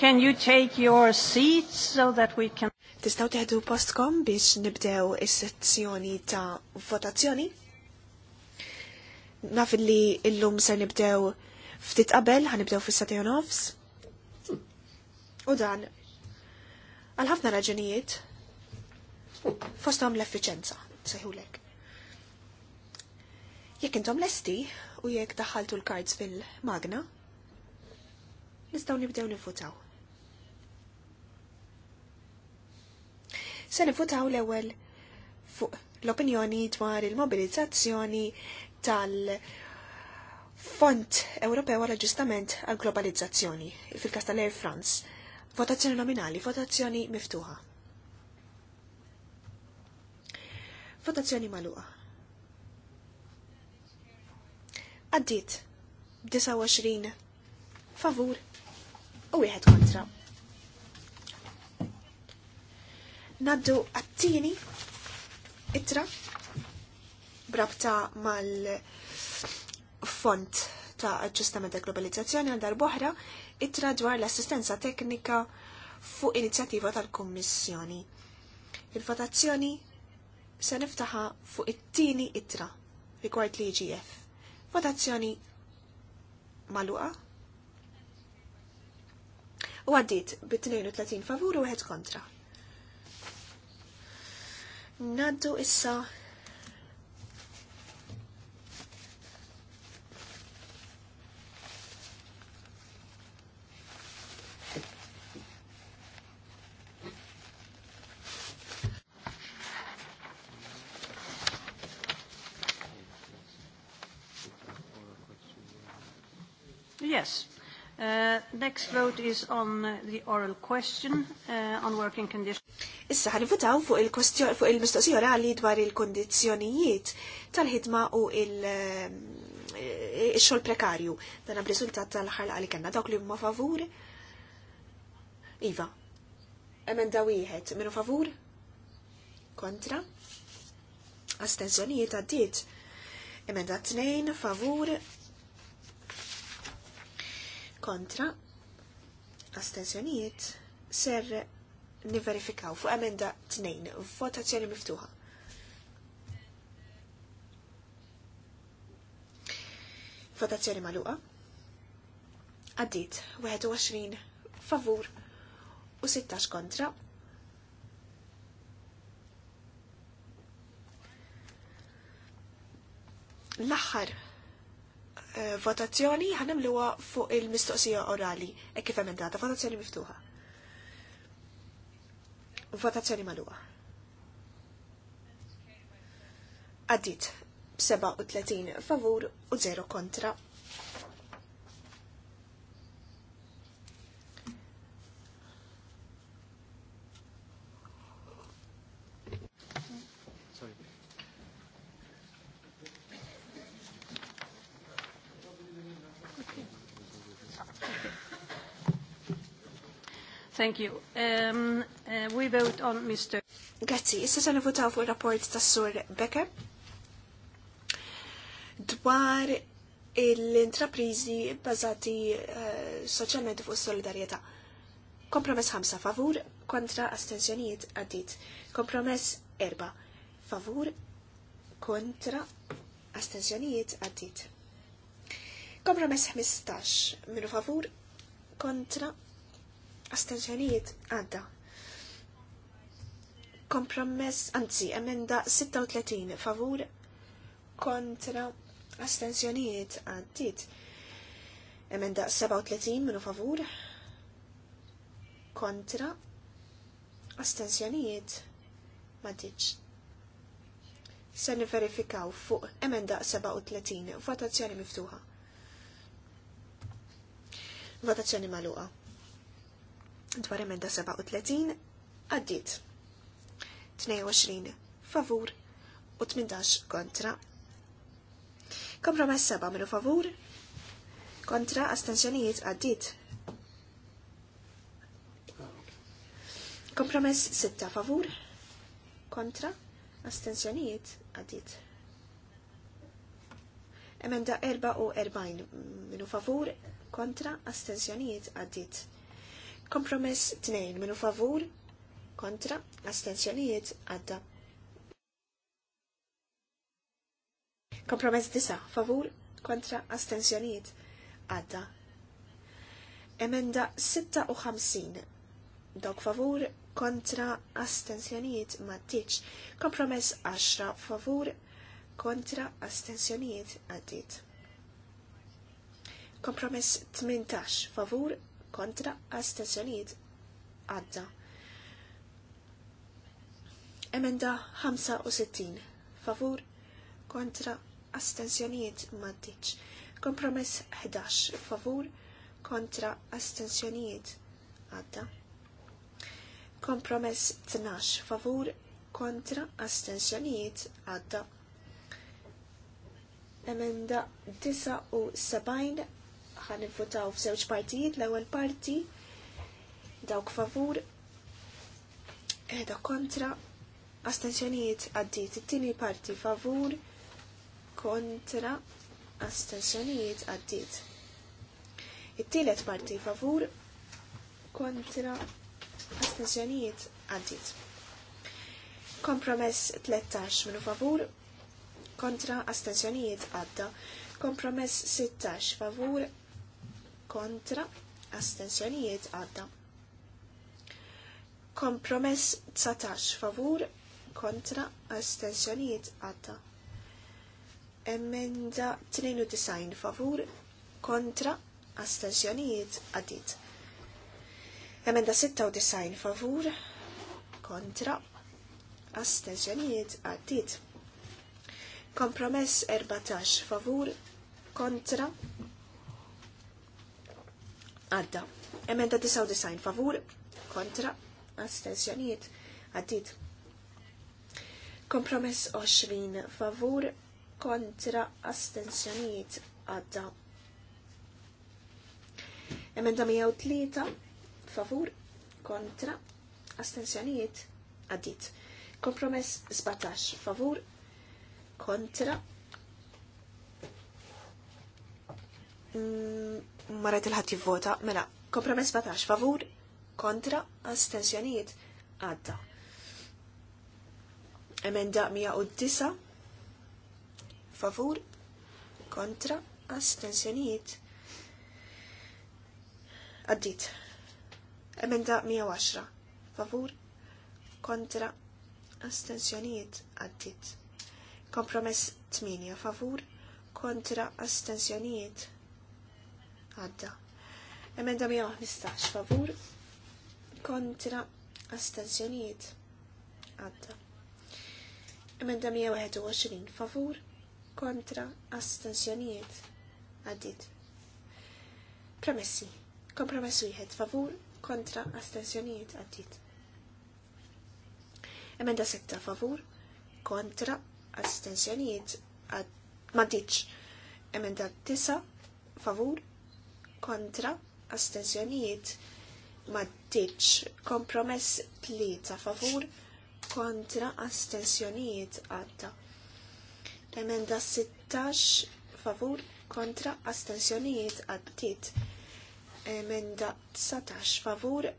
Can you take your seats so that we can... Tistaw teħdu postkom biex nibdew is-sezzjoni ta' votazzjoni? Naf li illum se nibdew ftit qabel, ħanibdew fis-satej nofs. U dan, għal ħafna raġunijiet, fostom l-effiċenza, sejħulek. Jekk intom lesti u jekk daħħaltu l kards fil-magna, nistaw nibdew nifutaw. se nifutaw l-ewwel fuq l-opinjoni dwar il-mobilizzazzjoni tal font Ewropew għal Aġġustament għal Globalizzazzjoni fil kasta tal-Air France. Votazzjoni nominali, votazzjoni miftuħa. Votazzjoni maluqa. Għaddit 29 favur u wieħed kontra. Naddu għattini itra brabta mal-font ta' aġġustament ta' globalizzazzjoni għal darbohra itra dwar l-assistenza teknika fuq inizjattiva tal-Kummissjoni. Il-votazzjoni se niftaħa fuq it-tieni itra rigward l-IGF. Votazzjoni maluqa u għaddit bit-32 favur u għed kontra. Naddu issa Yes. Uh, next vote is on the oral question uh, on working conditions. Issa ħanivutaw fuq il-kwestjon fuq il-mistoqsija orali dwar il-kondizzjonijiet tal-ħidma u eh, il-xogħol prekarju. Dan b'riżultat tal-ħarqa li kellna dawk li huma favur. Iva. Emenda wieħed minu favur? Kontra? Astenzjonijiet għaddiet. Emenda tnejn favur kontra astensjonijiet ser niverifikaw fuq emenda 2 votazzjoni miftuħa. Votazzjoni maluqa. Għaddit 21 favur u 16 kontra. L-aħħar votazzjoni ħanimluwa fuq il-mistoqsija orali, e kif emendata, votazzjoni miftuħa. Votazzjoni magħluha. Għaddit, b favur u 0 kontra. Thank you. Um, uh, we vote on Mr. Grazzi, issa se nivutaw fuq rapport tas Sur Becker dwar l-intraprizi bazati uh, eh, soċjalment fuq solidarjetà. Kompromess 5 favur kontra astensjonijiet għaddit. Kompromess 4 favur kontra astensjonijiet għaddit. Kompromess 15 minu favur kontra astenzjonijiet għadda. Kompromess, anzi, emenda 36 favur kontra astenzjonijiet għaddit. Emenda 37 minu favur kontra astenzjonijiet maddiċ. Se verifikaw fuq emenda 37 votazzjoni miftuħa. Votazzjoni maluqa dwar emenda 37 għaddit. 22 favur u 18 kontra. Kompromess 7 minu favur kontra astensjonijiet għaddit. Kompromess 6 favur kontra astensjonijiet għaddit. Emenda 44 minu favur kontra astensjonijiet għaddit. Kompromess tnejn minu favur kontra astenzjonijiet għadda. Kompromess disa, favur kontra astenzjonijiet għadda. Emenda 56 dok favur kontra astenzjonijiet mattiċ. Kompromess 10 favur kontra astenzjonijiet għaddit. Kompromess 18 favur kontra għastazzjoniet għadda. Emenda 65 favur kontra astensjonijiet maddiċ. Kompromess 11 favur kontra astensjonijiet għadda. Kompromess 12 favur kontra astensjonijiet għadda. Emenda 79 ħan nivvotaw f'żewġ partijiet l-ewwel parti dawk favur qiegħda eh, kontra astensjonijiet għaddit it-tieni parti favur kontra astensjonijiet għaddit. It-tielet parti favur kontra astensjonijiet għaddit. Kompromess 13 minu favur kontra astensjonijiet għadda. Kompromess 16 favur kontra astensjonijiet għadda. Kompromess 19 favur kontra astensjonijiet għadda. Emenda 92 favur kontra astensjonijiet għaddit. Emenda 96 favur kontra astensjonijiet għaddit. Kompromess 14 favur kontra Għadda. Emenda 99 favur kontra astensjonijiet għaddit. Kompromess 20 favur kontra astensjonijiet għadda. Emenda 103 favur kontra astensjonijiet għaddit. Kompromess 17 favur kontra mm, marret il-ħat jivvota, mela, kompromess batax. favur, kontra, astensjonijiet, għadda. Emenda 109, favur, kontra, astensjonijiet, għaddit. Emenda 110, favur, kontra, astensjonijiet, għaddit. Kompromess 8, favur, kontra, astensjonijiet, għadda. Emenda 115 favur kontra astenzjonijiet għadda. Emenda 121 favur kontra astenzjonijiet għaddit. Premessi. Kompromessu jħed favur kontra astenzjonijiet għaddit. Emenda 6 favur kontra astenzjonijiet għaddit. Maddiċ. Emenda 9 favur kontra astenzjonijiet maddiċ kompromess tlieta favur kontra astenzjonijiet għadda. Emenda 16 favur kontra astenzjonijiet għaddit. Emenda 19 favur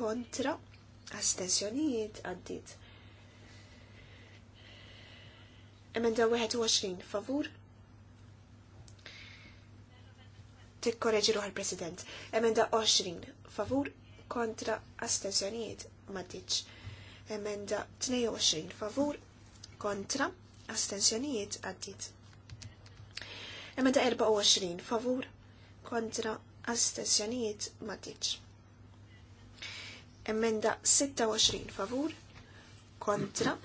kontra astenzjonijiet għaddit. Emenda 21 favur tikkoreġi ruħ il-President. Emenda 20 favur kontra astensjonijiet maddiċ. Emenda 22 favur kontra astensjonijiet għaddit. Emenda 24 favur kontra astensjonijiet maddiċ. Emenda 26 favur kontra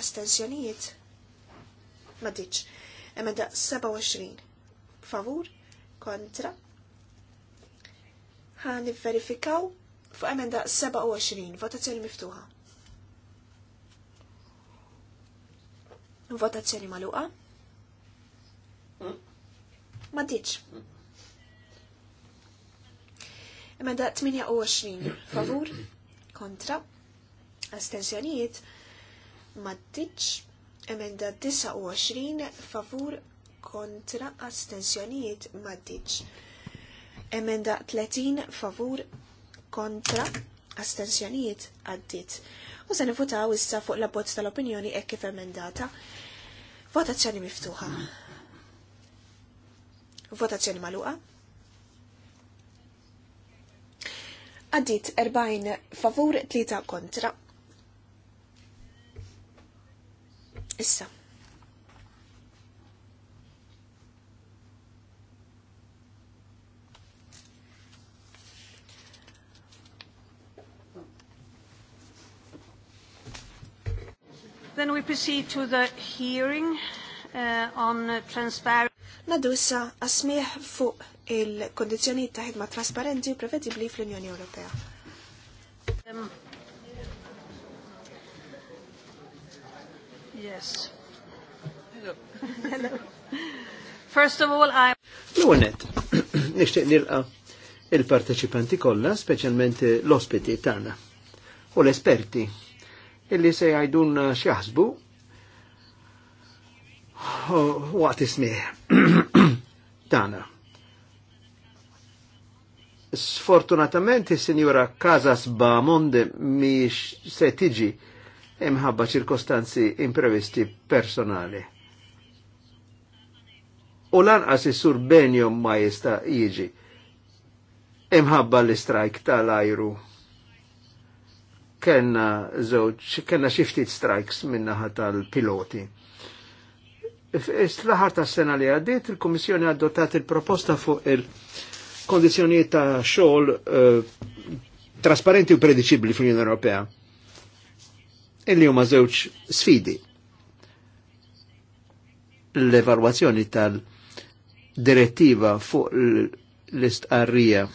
astensjonijiet maddiċ. Emenda 27 favur kontra. Ħan verifikaw fuq emenda 27, votazzjoni miftuħa. Votazzjoni maluqa. Ma diċ. Emenda 28, favur, kontra, astensjonijiet, ma diċ. Emenda 29, favur, kontra astensjonijiet maddiċ. Emenda 30 favur kontra astensjonijiet għaddit. U se nifutaw issa fuq la bozz tal-opinjoni e kif emendata. Votazzjoni miftuħa. Votazzjoni maluqa. Għaddit 40 favur 3 kontra. Issa. Then we proceed to the hearing uh, on transparent. Nadussa asmieħ fuq il-kondizjoni ta' ħidma trasparenti u prevedibli fl-Unjoni Ewropea. Um, yes. Hello. Hello. First of all, I... L-għonet, nishtiq nilqa il-parteċipanti kolla, specialment l-ospiti tagħna u l-esperti illi se jgħidun eh, xjaħsbu waqt ismi tana. Sfortunatament is-sinjura Casas Bamonde mi se tiġi imħabba ċirkostanzi imprevisti personali. U lanqas is-sur Benjom ma jista' jiġi imħabba l-istrajk tal-ajru kena zoċ, kena xiftit ftit strikes minnaħa tal-piloti. Fl-aħħar tas-sena li għaddit, il komissjoni għaddotat il-proposta fuq il-kondizzjonijiet ta' xogħol uh, trasparenti u prediċibli fl-Unjoni Ewropea. Illi huma żewġ sfidi. L-evalwazzjoni tal-direttiva fuq l-istqarrija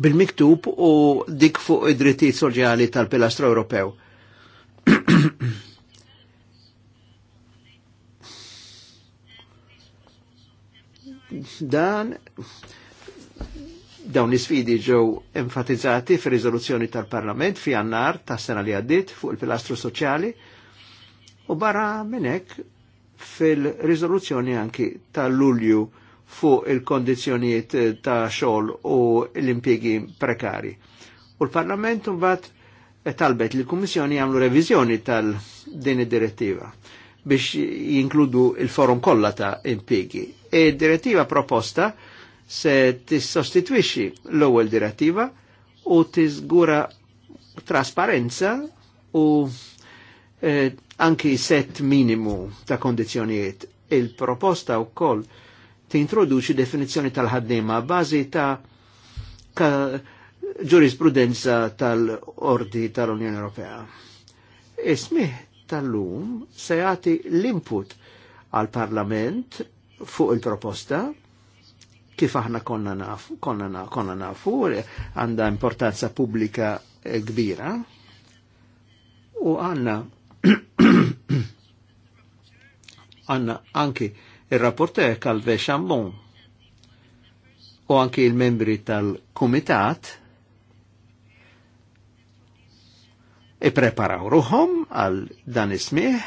bil-miktub u dik fuq id-drittijiet soċjali tal-pilastru Ewropew. Dan dawn l-sfidi ġew enfatizzati fir-riżoluzzjoni tal-Parlament fi annar tas sena li għaddit fuq il-pilastru soċjali u barra minnek fil-riżoluzzjoni anki tal-Lulju fuq il kondizjoniet eh, ta' xol u l impiegi prekari. U l-Parlament bat eh, talbet li l-Kummissjoni għamlu revizjoni tal-din id-direttiva biex jinkludu il-forum kolla ta' impiegi. E direttiva proposta se tissostitwixxi l-ewwel direttiva u tiżgura trasparenza u eh, anki set minimu ta' kondizjonijiet. Il-proposta u koll tintroduċi definizjoni tal ħaddima bażi ta' ġurisprudenza tal-ordi tal-Unjoni Ewropea. Ismih tal-lum se jagħti l-input għal-Parlament fuq il-proposta kif aħna konna nafu, konna, konna nafu, għanda importanza pubblika eh, kbira u għanna għanna anki il-rapporter Calve Chambon u anki il-membri tal-Kumitat preparaw ruħom għal dan ismiħ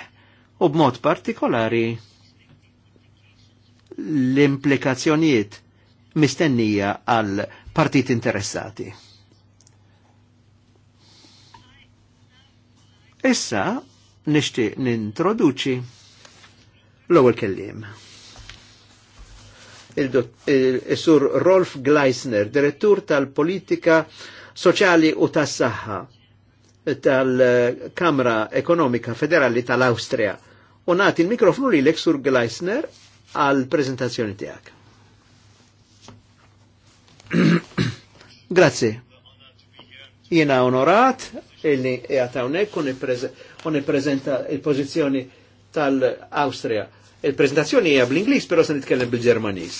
u b'mod partikolari l-implikazzjonijiet mistennija għal partit interessati. Issa nishti nintroduċi l-ewwel kelliem il-sur Rolf Gleisner, direttur tal-politika soċjali u tas-saħħa tal-Kamra Ekonomika Federali tal-Austria. U nagħti il-mikrofonu lilek sur Gleisner għal prezentazzjoni tiegħek. Grazie. Jiena onorat li jgħatawnek kun il-prezenta il-pozizjoni tal-Austria Il-prezentazzjoni hija bl-Ingliż, però se nitkellem bil-Ġermaniż.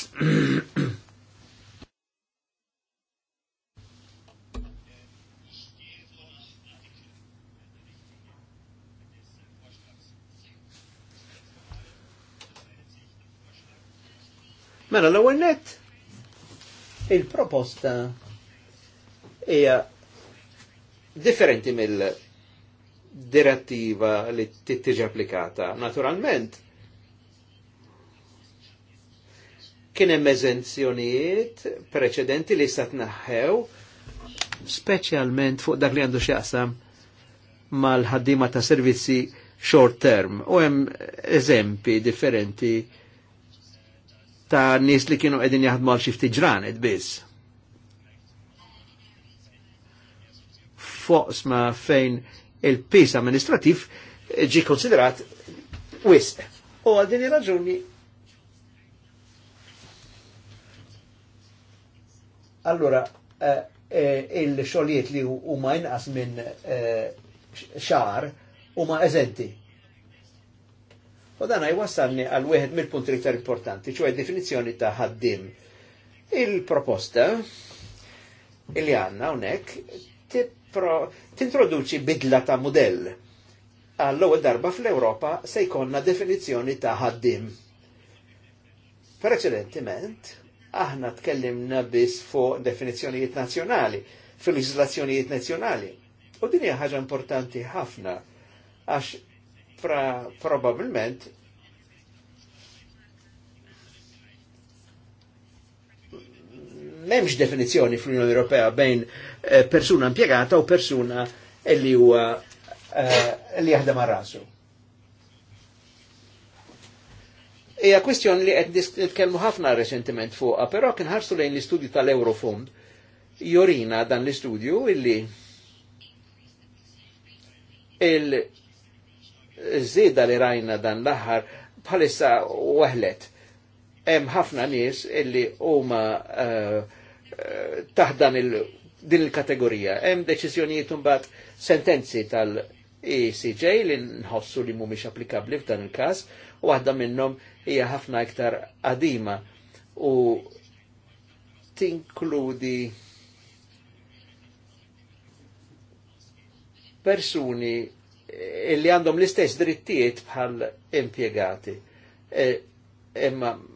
Mela l-ewwel net il-proposta hija differenti mill-direttiva li tiġi applikata. Naturalment, Kien hemm eżenzjonijiet preċedenti li issa tnaħħew, speċjalment fuq dak li għandu x'jaqsam mal-ħaddima ta' servizzi short term. U hemm eżempi differenti ta' nies li kienu qegħdin jaħdmu għal xi ftit ġranet biss. ma' fejn il-pis amministrativ ġi konsiderat wisq. U għal din raġuni Allora, eh, eh, il-xogħlijiet li huma inqas minn eh, xar huma eżenti. U dan jwassalni għal wieħed mill-punti iktar importanti, ċuwa definizzjoni ta' ħaddim. Il-proposta il-li għanna unek tintroduċi bidla ta' modell. Għall-ewwel darba fl-Ewropa se jkollna definizzjoni ta' ħaddim. Preċedentiment, aħna tkellimna biss fuq definizzjonijiet nazzjonali, fil-leġislazzjonijiet nazzjonali. U din hija ħaġa importanti ħafna għax pra, probabilment memx definizjoni fl-Unjoni Ewropea bejn eh, persuna impiegata u persuna li huwa eh, li jaħdem rasu. Eja kwestjon li qed nitkellmu ħafna reċentiment fuqha, però kien ħarsu lejn l-istudju tal-Eurofond jorina dan l-istudju illi il-żieda li rajna dan l-aħħar bħalissa weħlet. Hemm ħafna nies illi huma uh, eh, taħdan din il-kategorija. Hemm deċiżjonijiet imbagħad sentenzi tal-ECJ li nħossu li mhumiex applikabbli f'dan il-każ u waħda minnhom hija ħafna iktar qadima u tinkludi persuni li għandhom l-istess drittijiet bħal impiegati. Imma e,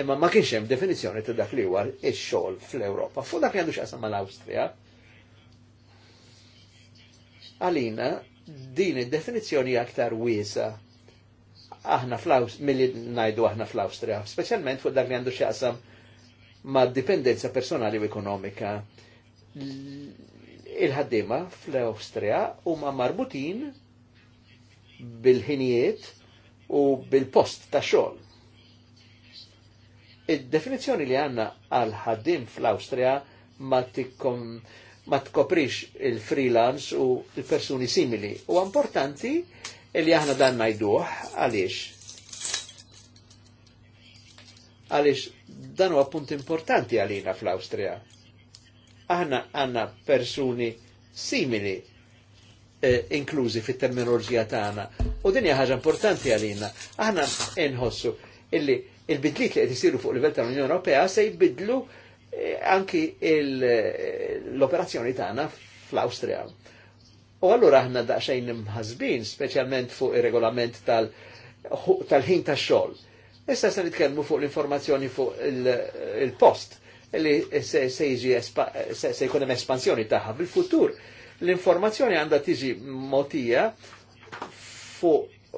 imma ma kienx hemm definizzjoni ta' dak li huwa x-xogħol fl-Ewropa. Fu dak għandu x'qasam mal-Awstrija. Għalina din id-definizzjoni aktar wiesa' aħna fl mill milli najdu aħna fl-Awstrija, specialment fuq dak li għandu xaqsam ma' dipendenza personali u ekonomika. Il-ħaddima fl-Awstrija huma marbutin bil-ħinijiet u bil-post ta' xogħol. Id-definizzjoni li għanna għal ħaddim fl-Awstrija ma tikkom ma tkoprix il-freelance u il-persuni simili. U importanti illi aħna dan najduħ għaliex għaliex dan huwa punt importanti għalina fl austria Aħna għanna persuni simili eh, inklużi fit-terminoloġija tagħna u din hija ħaġa importanti għalina. Aħna inħossu illi il-bidliet li qed isiru fuq livell tal-Unjoni Ewropea se jbidlu eh, anki eh, l-operazzjoni tagħna fl-Awstrija. U allura aħna daqsxejn imħazbin, speċjalment fuq ir-regolament tal-ħin tal tax-xogħol. Issa se nitkellmu fuq l-informazzjoni fuq il-post il li se jkun hemm espansjoni tagħha bil-futur. L-informazzjoni għandha tiġi motija fuq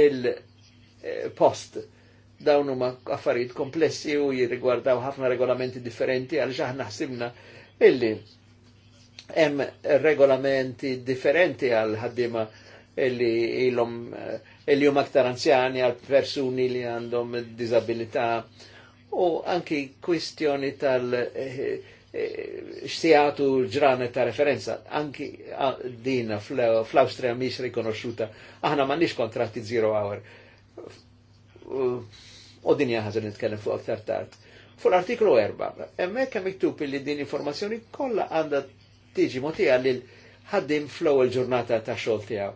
il-post eh, dawn huma affarijiet komplessi u jirrigwardaw ħafna regolamenti differenti għal aħna ħsibna illi Hemm regolamenti differenti għal ħaddiema li ilhom eh, li hum aktar anzjani għal persuni li għandhom disabilità u anki kwistjoni tal eh, eh, xtijatu ġrane ta' referenza, anki dina fl-Austria miex rikonosciuta, aħna ma nix kontratti zero hour. U din jaħazin nitkellem fuq aktar tard. Fu l-artiklu 4, emmek hemm miktub li din informazzjoni kollha għandha tiġi motija lil ħaddim flow il ġurnata ta' xogħol tiegħu.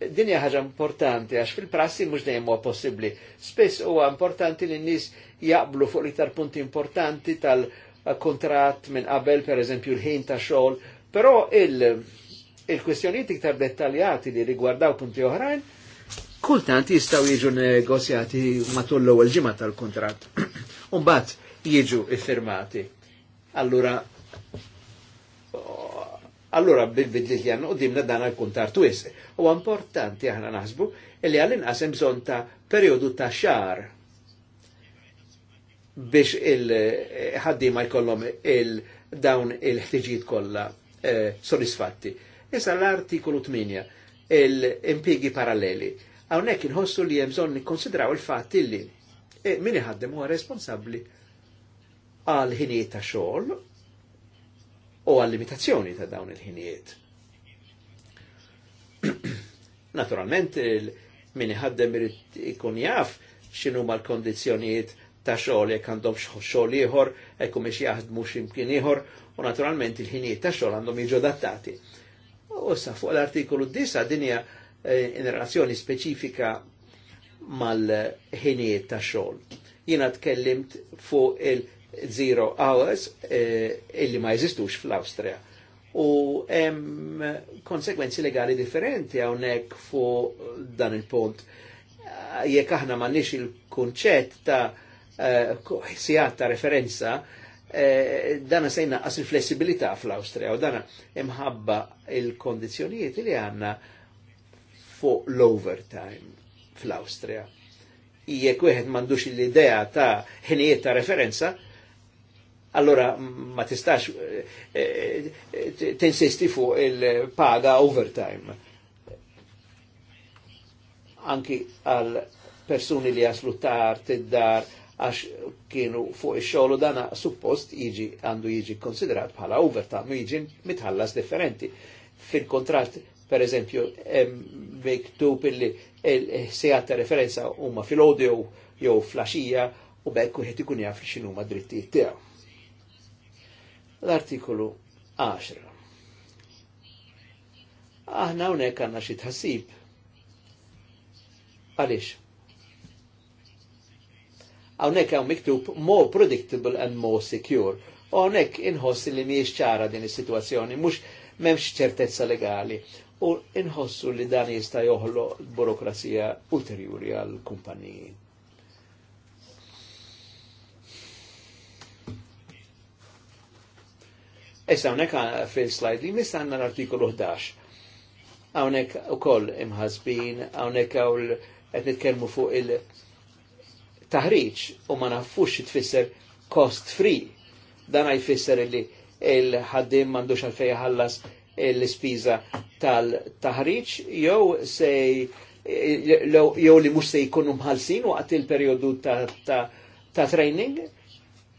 Din hija ħaġa importanti għax fil-prassi mhux dejjem huwa possibbli. Spiss huwa importanti li n-nies jaqblu fuq l-iktar punti importanti tal-kontratt minn qabel, pereżempju l-ħin ta' xogħol, però il-kwistjonijiet il iktar dettaljati li rigwardaw punti oħrajn kultant jistaw jiġu negozjati matul l-ewwel ġimgħa tal-kuntratt. Umbagħad jiġu iffirmati. Allura, allura bil-bidli li u dimna dan għal-kuntar tu twis. U importanti għana naħsbu illi għallin għasem bżon ta' periodu ta' xar biex il-ħaddima jkollom il-dawn il-ħtiġijiet kolla eh, soddisfatti. Issa l-artikolu 8, il-impigi paralleli. Għawnek inħossu li jemżon nikonsidraw il-fatt illi e, eh, ħaddim iħaddem huwa responsabli għal ħinijiet ta' xogħol u għal limitazzjoni ta' dawn il-ħinijiet. Naturalment, min ħaddem irid ikun jaf x'inhu mal-kondizzjonijiet ta' xogħol jekk għandhom xogħol ieħor, hekk mhux jaħdmu x'imkien ieħor, u naturalment il-ħinijiet ta' xogħol għandhom jiġu adattati. U sa fuq l-artikolu 9 din hija eh, in relazzjoni speċifika mal-ħinijiet ta' xogħol. Jiena tkellimt fuq il- zero hours eh, illi ma jeżistux fl austria U hemm konsekwenzi legali differenti hawnhekk fu dan il-punt. Jekk aħna m'għandniex il-kunċett ta' ħsijat eh, sijat ta' referenza, eh, dana se jnaqqas il-flessibilità fl austria u dana imħabba il kondizjonijiet li għanna fuq l-overtime fl austria Jekk wieħed m'għandux l-idea ta' ħinijiet ta' referenza, allora ma tistax eh, eh, tinsisti fuq il-paga overtime. Anki għal persuni li jaslu tard id-dar għax kienu fuq ix-xogħol dana suppost jiġi għandu jiġi konsiderat bħala overtime, jiġi mitħallas differenti. fil kontrat per eżempju, miktub illi il-sejat referenza huma fil-audio jew flasġija u bekk wieħed ikun jaf xinu ma' drittijiet tiegħu. L-artikolu 10. Aħna unek għanna xi tħassib. Għaliex? Hawnhekk hawn miktub more predictable and more secure. U inħoss li mhijiex ċara din is situazzjoni mhux m'hemmx ċertezza legali u inħossu li dan jista' joħloq burokrazija ulterjuri għal kumpaniji. Issa hawnhekk ah, fil-slide li mista għandna l-artikolu 11. Hawnhekk ukoll imħasbin, hawnhekk hawn qed nitkellmu fuq il-taħriġ u ma nafux tfisser cost free. Dan jfisser li il-ħaddim m'għandux għalfejn ħallas l-ispiża tal-taħriġ jew se jew li mhux se jkunu mħallsin waqt il-perjodu ta' training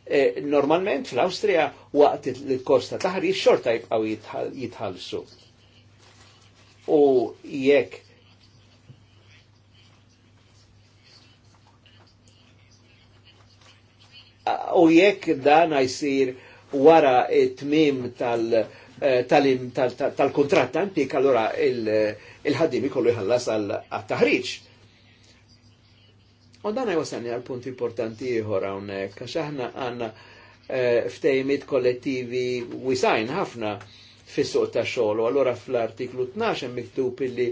Eh, normalment fl austria waqt il kosta ta' taħri xorta jibqaw jitħalsu. U jekk u jekk dan jisir wara it-tmim tal- eh, tal tal, tal, tal, tal allora il-ħaddim il eh, ikollu jħallas għal-taħriċ. U dan għawasani għal punt importanti ieħor hawnhekk għax aħna għandna eh, ftejmit kollettivi wisajn ħafna fis-suq ta' xogħol. Allura fl-artiklu 12 miktub illi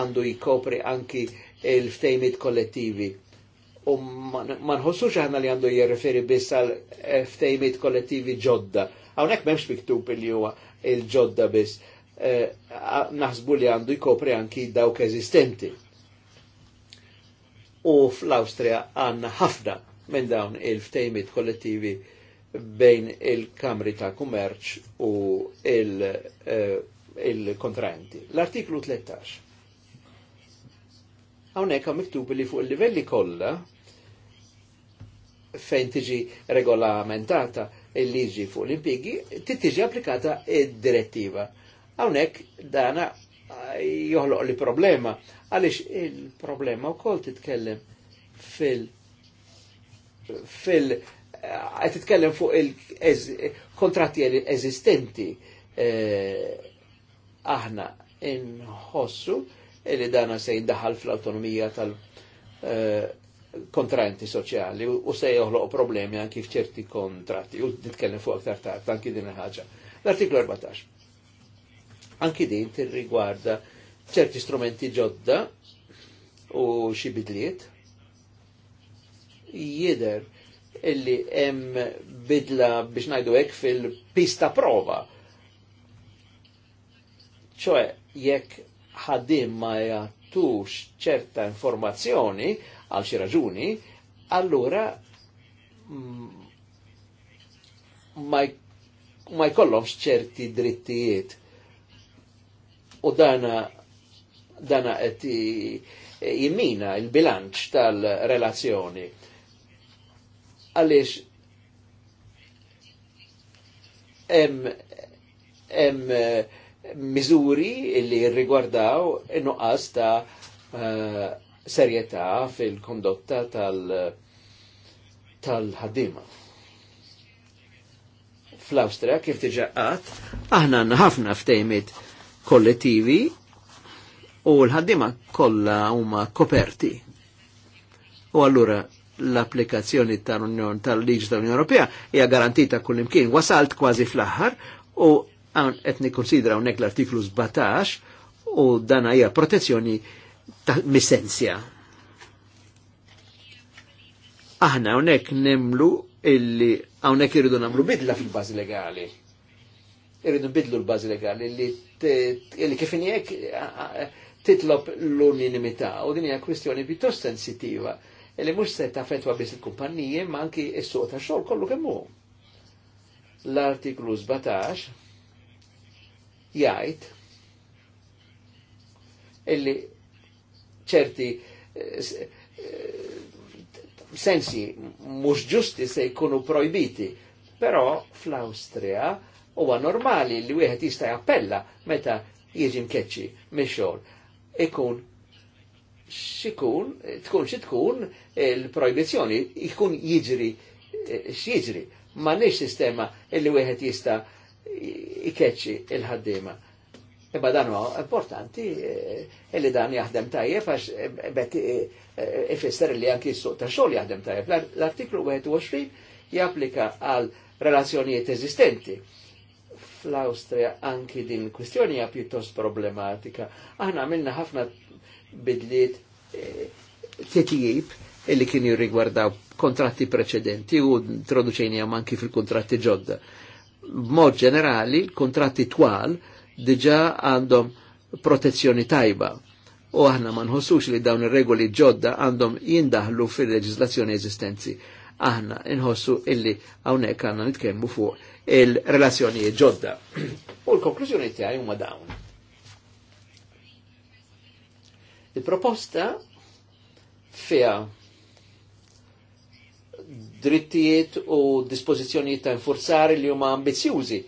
għandu jikopri anki il-ftejmit kollettivi. U ma nħossux aħna li għandu jirreferi biss għal eh, ftejmit kollettivi ġodda. Hawnhekk m'hemmx miktub illi huwa il-ġodda biss. Eh, naħsbu li għandu jkopri anki dawk eżistenti u fl-Austria għanna ħafna minn dawn il-ftejmit kollettivi bejn il-Kamri ta' Kummerċ u il-kontrajenti. Il eh, L-artiklu 13. Hawnhekk għam miktub li fuq il-livelli kollha fejn tiġi regolamentata il-liġi fuq l-impigi, tiġi applikata id-direttiva. Hawnhekk dana joħloq li problema, għalix il-problema u kol titkellem fil- fil- għet titkellem fuq il-kontratti eżistenti e, aħna inħossu li dana se jindaħal fl-autonomija tal-kontranti e, soċjali u se joħloq problemi anki f'ċerti kontratti u titkellem fuq aktar tard anki din ħaġa. L-artiklu 14 Anki din tirrigwarda ċerti strumenti ġodda u xi bidliet. Jider illi hemm bidla biex ngħidu hekk fil-pista prova. ċoe jekk ħaddim ma jagħtux ċerta informazzjoni għal xi raġuni, allura ma jkollhomx ċerti drittijiet u dana dana et e jimmina il-bilanċ tal-relazzjoni. Għaliex hemm hemm miżuri li rigwardaw nuqqas ta' uh, serjetà fil-kondotta tal- tal-ħadima. fl austria kif tiġaqqat, aħna ħafna ftejmit kollettivi u l-ħaddima kollha huma koperti. U allura l-applikazzjoni tal-Unjon tal-Liġi tal-Unjon Ewropea hija garantita kullimkien. Wasalt kważi fl-aħħar u qed nikkonsidra hawnhekk l-artiklu 17 u dan hija protezzjoni ta' misenzja. Aħna hawnhekk nemlu illi hawnhekk irridu nagħmlu bidla fil-bażi legali irridu nbidlu l-bazi legali li kif titlop l-unanimità u din hija kwistjoni pjuttost sensittiva li mhux se tafetwa biss il-kumpanniji ma anki s-suq ta' xogħol kollu kemm hu. L-artiklu 17 jgħid illi ċerti eh, eh, sensi mhux ġusti se jkunu projbiti, però fl-Awstrija huwa normali li wieħed jista' jappella meta jiġi mkeċċi mix-xogħol. Ikun xikun, tkun xi tkun il-projbizzjoni jkun jiġri eh, x'jiġri. Ma nix sistema li wieħed jista' ikeċċi il-ħaddiema. Iba dan huwa importanti eh, li dan jaħdem tajjeb għax eh, bet ifisser li anki s-suq ta' xogħol jaħdem tajjeb. L-artiklu 21 japplika għal relazzjonijiet eżistenti fl-Austria anki din kwistjoni hija pjuttost problematika. Aħna għamilna ħafna bidliet eh, titjib illi kien jirrigwardaw kontratti preċedenti u introduċejni anki fil-kontratti ġodda. B'mod ġenerali, kontratti twal diġa għandhom protezzjoni tajba u aħna ma nħossux li dawn ir-regoli ġodda għandhom jindaħlu fil-leġislazzjoni eżistenzi aħna inħossu illi hawnhekk għandna nitkemmu fuq il-relazzjonijiet ġodda. U l-konklużjoni tiegħi huma dawn. Il-proposta fija drittijiet u dispożizzjonijiet ta' infurzari li huma ambizjużi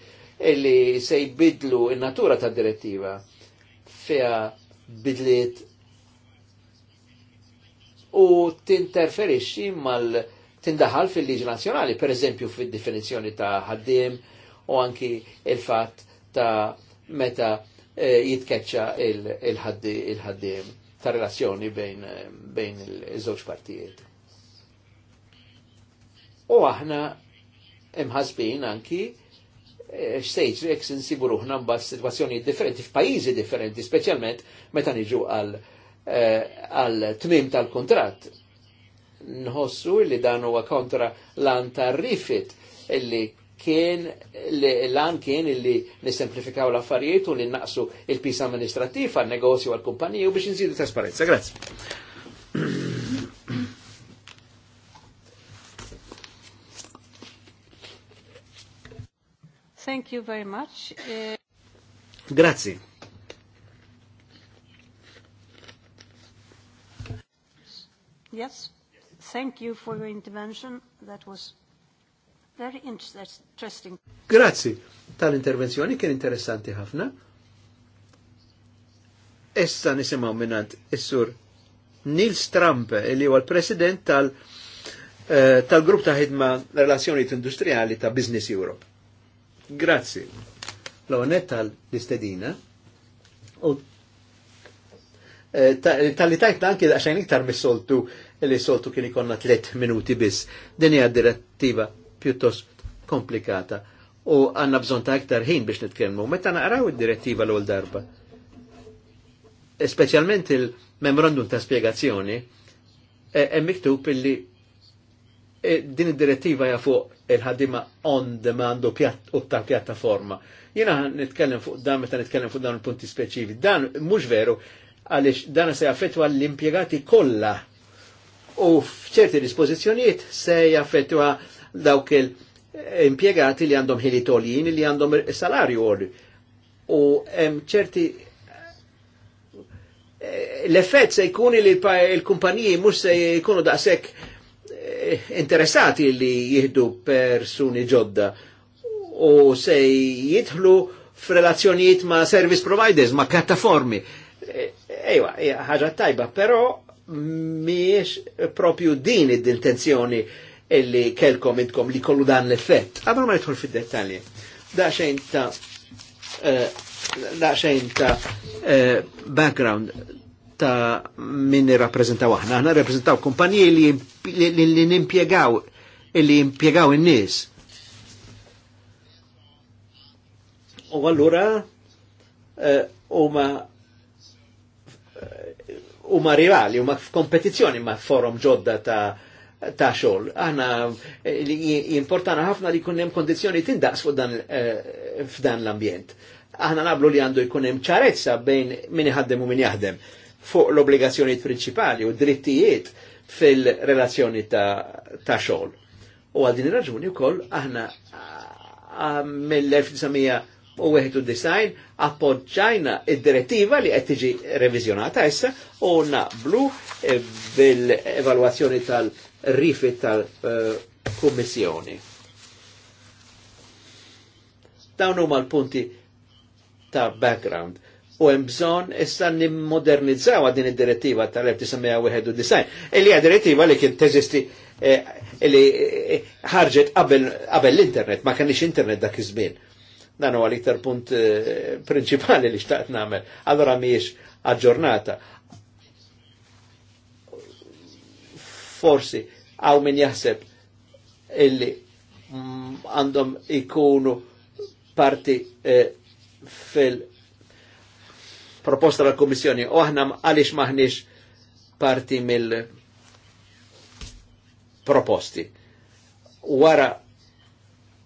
illi se jbidlu in-natura ta' direttiva fija bidliet u tinterferixxi mal- tindaħal fil-liġi nazjonali, per eżempju fil-definizjoni ta' ħaddim u anki il-fat ta' meta eh, jitkeċċa il-ħaddim ta' relazzjoni eh, bejn, il-żewġ partijiet. U aħna imħasbin anki xsejt eh, jek sinsibu ruħna mba situazzjoni differenti f'pajjiżi differenti, speċjalment meta niġu għal tmim tal kontrat nħossu li dan huwa kontra lan tarrifit li kien li lan kien li nisemplifikaw l-affarijiet u li naqsu il-pis amministrativ għal negozju għal kumpaniju biex nżidu trasparenza. Grazie. Thank you very much. Eh, Grazie. Yes. Thank you for your intervention. That was very interesting. Grazie. tal-intervenzjoni kien interessanti ħafna. Issa nisimaw minnant is-sur Nils Trampe, li huwa l-president tal- eh, tal-grupp ta' ħidma relazzjonijiet industriali ta' Business Europe. Grazzi. L-onet tal-istedina u eh, tal-li tajt anki daqxajn iktar mis-soltu li soltu kien ikonna tlet minuti biss. Din hija direttiva pjuttost komplikata u għanna bżon ta' aktar ħin biex nitkellmu. Meta naqraw id-direttiva l-ewwel darba. Speċjalment il-memorandum ta' spjegazzjoni hemm e miktub illi e din id-direttiva hija fuq il-ħadima on demand u ta' pjattaforma. Jiena nitkellem fuq dan meta nitkellem fuq dan il-punti speċifi. Dan mhux veru għaliex dan se jaffettwa l-impjegati kollha u f'ċerti dispożizzjonijiet se jaffettwa dawk il-impjegati li għandhom ħilitoljin li għandhom salarju għorri. U hemm ċerti eh, l-effett se jkun li l-kumpaniji mux se jkunu daqshekk eh, interessati li jihdu persuni ġodda u se jidħlu f'relazzjonijiet ma' service providers, ma' kattaformi. Eh, ejwa, ħaġa tajba, però miex propju din id-intenzjoni illi kelkom idkom li kollu dan l-effett. Għabra ma jitħol fil dettalji Da xejn ta' eh, da xejn ta' eh, background ta' min rappresentaw aħna. Aħna rappresentaw kumpanji li nimpiegaw illi impiegaw in-nies. U għallura eh, huma ma rivali, huma f'kompetizzjoni ma' forum ġodda ta' ta' xogħol. Aħna eh, importana ħafna li jkun hemm tindaqs fuq eh, f'dan l-ambjent. Aħna nablu li għandu jkun hemm ċarezza bejn min jħaddem u min jaħdem fuq l-obbligazzjonijiet principali u drittijiet fil-relazzjoni ta', ta U għal din ir-raġuni wkoll aħna ah, mill-1900 u design appoġġajna id-direttiva li qed tiġi revizjonata issa u naqblu eh, bil-evalwazzjoni tal-rifit tal-Kummissjoni. Dawn huma l-punti ta' background u hemm bżonn issa nimmodernizzaw din id-direttiva tal-1991. Illi hija direttiva li kien teżisti eh, li eh, ħarġet qabel l-internet, ma kenniex internet dak iż-żmien. Dan huwa l-iktar punt eh, prinċipali li xtaqt nagħmel. Allora mhijiex aġġornata. Forsi għaw min jaħseb illi mm, għandhom ikunu parti eh, fil proposta tal kommissjoni u aħna għaliex maħniex parti mill proposti. Wara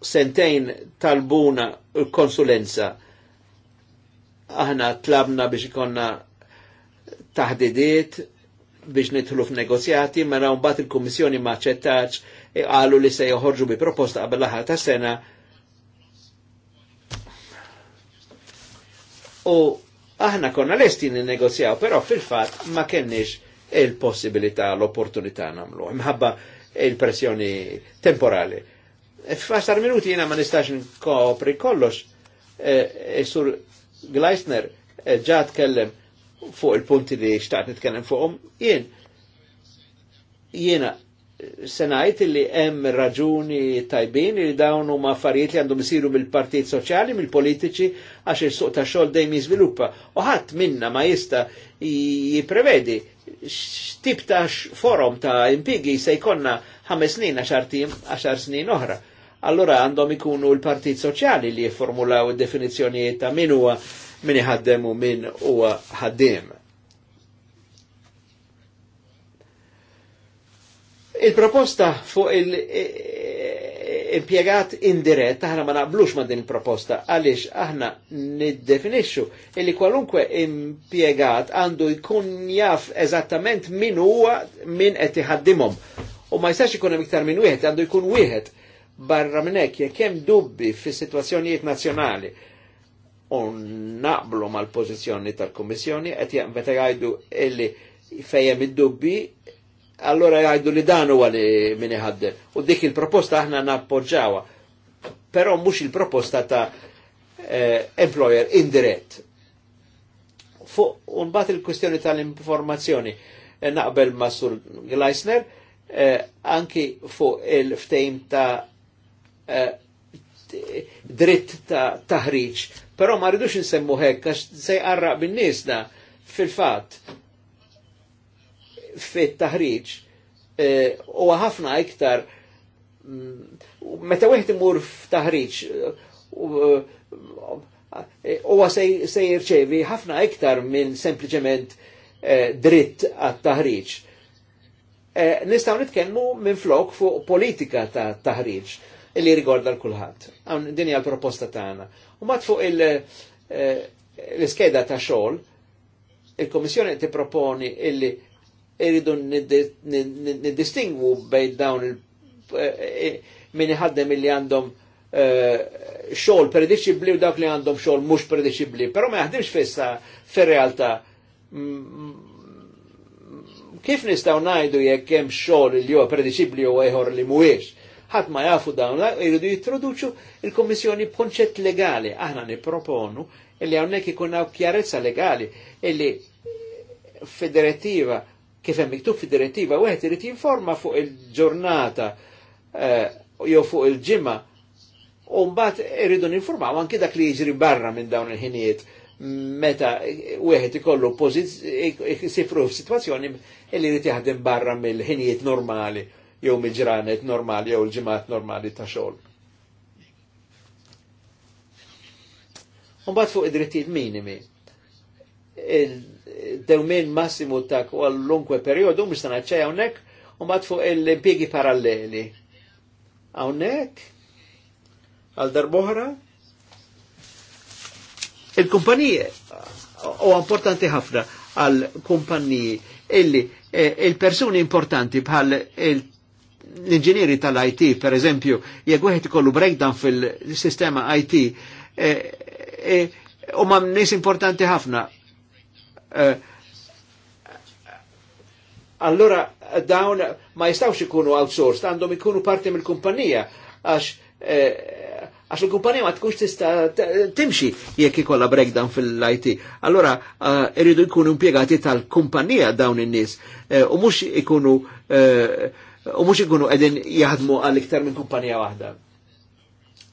sentejn talbuna konsulenza. Aħna tlabna biex ikonna taħdidiet biex nitħlu f'negozjati, mela mbagħad il-Kummissjoni ma ċettax e qalu li se joħorġu bi proposta qabel aħħar ta' sena. U aħna konna lesti negozjaw però fil-fatt ma kenniex il-possibilità, l-opportunità namlu, imħabba il-pressjoni temporali. E Fasar minuti jena ma nistax nkopri kollox. E, e sur Gleisner ġa tkellem fuq il-punti li xtaqt nitkellem fuqom jien Jena senajt li hemm raġuni tajbin li dawn huma affarijiet li għandhom isiru mill-partit soċjali, mill-politiċi għax il-suq ta' xogħol dejjem jiżviluppa. U ħadd minna ma jista' jipprevedi x'tip ta' forum ta' impigi se jkollna ħames snin għaxar snin oħra allora għandhom ikunu l-Partit Soċjali li jiformulaw id-definizzjonijiet ta' min huwa min iħaddem u min huwa ħaddiem. Il-proposta fuq il-impiegat indirett, aħna ma naqblux ma din il-proposta, għaliex aħna niddefinixxu illi kwalunkwe impiegat għandu jkun jaf eżattament min huwa min qed iħaddimhom. U ma jistax ikun hemm iktar minn wieħed, għandu jkun wieħed barra minnek jekk hemm dubbi fis situazzjonijiet nazzjonali u naqblu mal-pożizzjoni tal et jem bete għajdu illi fejjem id-dubbi allora għajdu li danu għali li min u dik il-proposta aħna nappoġġawha però mhux il-proposta ta' eh, employer indirett. Fuq un il-kwestjoni tal-informazzjoni eh, naqbel ma' Sur Gleisner, Eh, anki fuq il-ftejm ta' Eh, dritt ta' taħriġ. Però ma rridux nsemmu hekk għax se jqarraq bin-nies fil-fatt fit-taħriġ eh, u ħafna iktar mm, meta wieħed imur f'taħriġ eh, huwa se jirċevi ħafna iktar minn sempliċement dritt għat-taħriġ. Nistgħu nitkellmu minn flok fuq politika ta' taħriġ li rigorda l-kulħadd. Din hija l-proposta tagħna. U mat fuq il-skeda eh, ta' xogħol, il-Komissjoni tipproponi illi irridu niddistingwu bejn dawn il- eh, eh, min iħaddem illi għandhom xogħol prediċibbli u dawk li għandhom xogħol mhux prediċibbli, però ma jaħdimx fissa fir-realtà mm, mm, kif nistaw najdu jekk hemm xogħol li huwa prediċibbli u ieħor li mhuwiex? ħadd ma jafu dawn jridu jittroduċu il-Kommissjoni b'konċett legali. Aħna nipproponu illi hawnhekk ikun hawn kjarezza legali illi federettiva kif hemm miktub fid wieħed irid jinforma fuq il-ġurnata eh, jew fuq il-ġimgħa u mbagħad irridu ninformaw anke dak li jiġri barra minn dawn il-ħinijiet meta wieħed ikollu sifru f'sitwazzjoni illi jrid jaħdem barra mill-ħinijiet normali jew miġranet normali jew l ġimat normali ta' xogħol. Mbagħad fuq id-drittijiet minimi. Il-dewmin massimu ta' kwallunkwe perjodu mhux se naċċej hawnhekk u mbagħad fuq il impjiegi paralleli. Hawnhekk għal darboħra il-kumpanije u importanti ħafna għal kumpaniji illi eh, il-persuni importanti bħal il l-inġinieri tal-IT, per eżempju, jek wieħed kollu breakdown fil-sistema IT, eh, eh, u ma' nis importanti ħafna. Eh, allora dawn ma jistawx ikunu outsourced, għandhom ikunu parti mill-kumpanija, għax għax il-kumpanija ma tkunx tista timxi jekk ikolla breakdown fil-IT. Allora irridu jkunu impjegati tal-kumpanija dawn in-nies u mhux ikunu u mhux ikunu qegħdin jaħdmu għal iktar minn kumpanija waħda.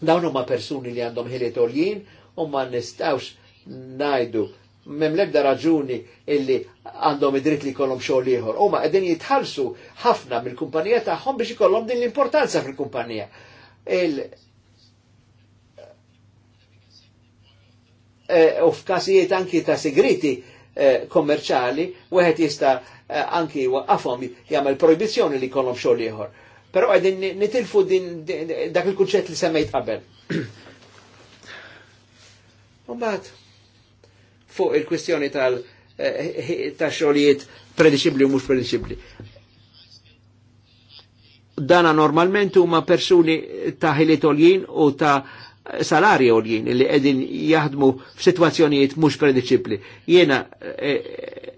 Dawn huma persuni li għandhom ħiliet oljien u ma nistawx ngħidu mem lebda raġuni illi għandhom id-dritt li kollom xogħol ieħor. Huma qegħdin jitħallsu ħafna mill-kumpanija tagħhom biex ikollhom din l-importanza fil-kumpanija. Il... Eh, u f'każijiet f'kasijiet anki ta' segreti eh, kommerċali, wieħed jista' Eh, anki għafom jgħamil proibizjoni li kollom xogħol ieħor. Però għedin nitilfu din dak il-kunċett li semmejt qabel. Umbat, fuq il-kwistjoni tal- eh, ta' xogħlijiet prediċibli u mhux prediċibli. Dana normalment huma persuni ta' ħiliet u ta' salari oljin li qegħdin jaħdmu f'sitwazzjonijiet mhux prediċibli. Jiena eh,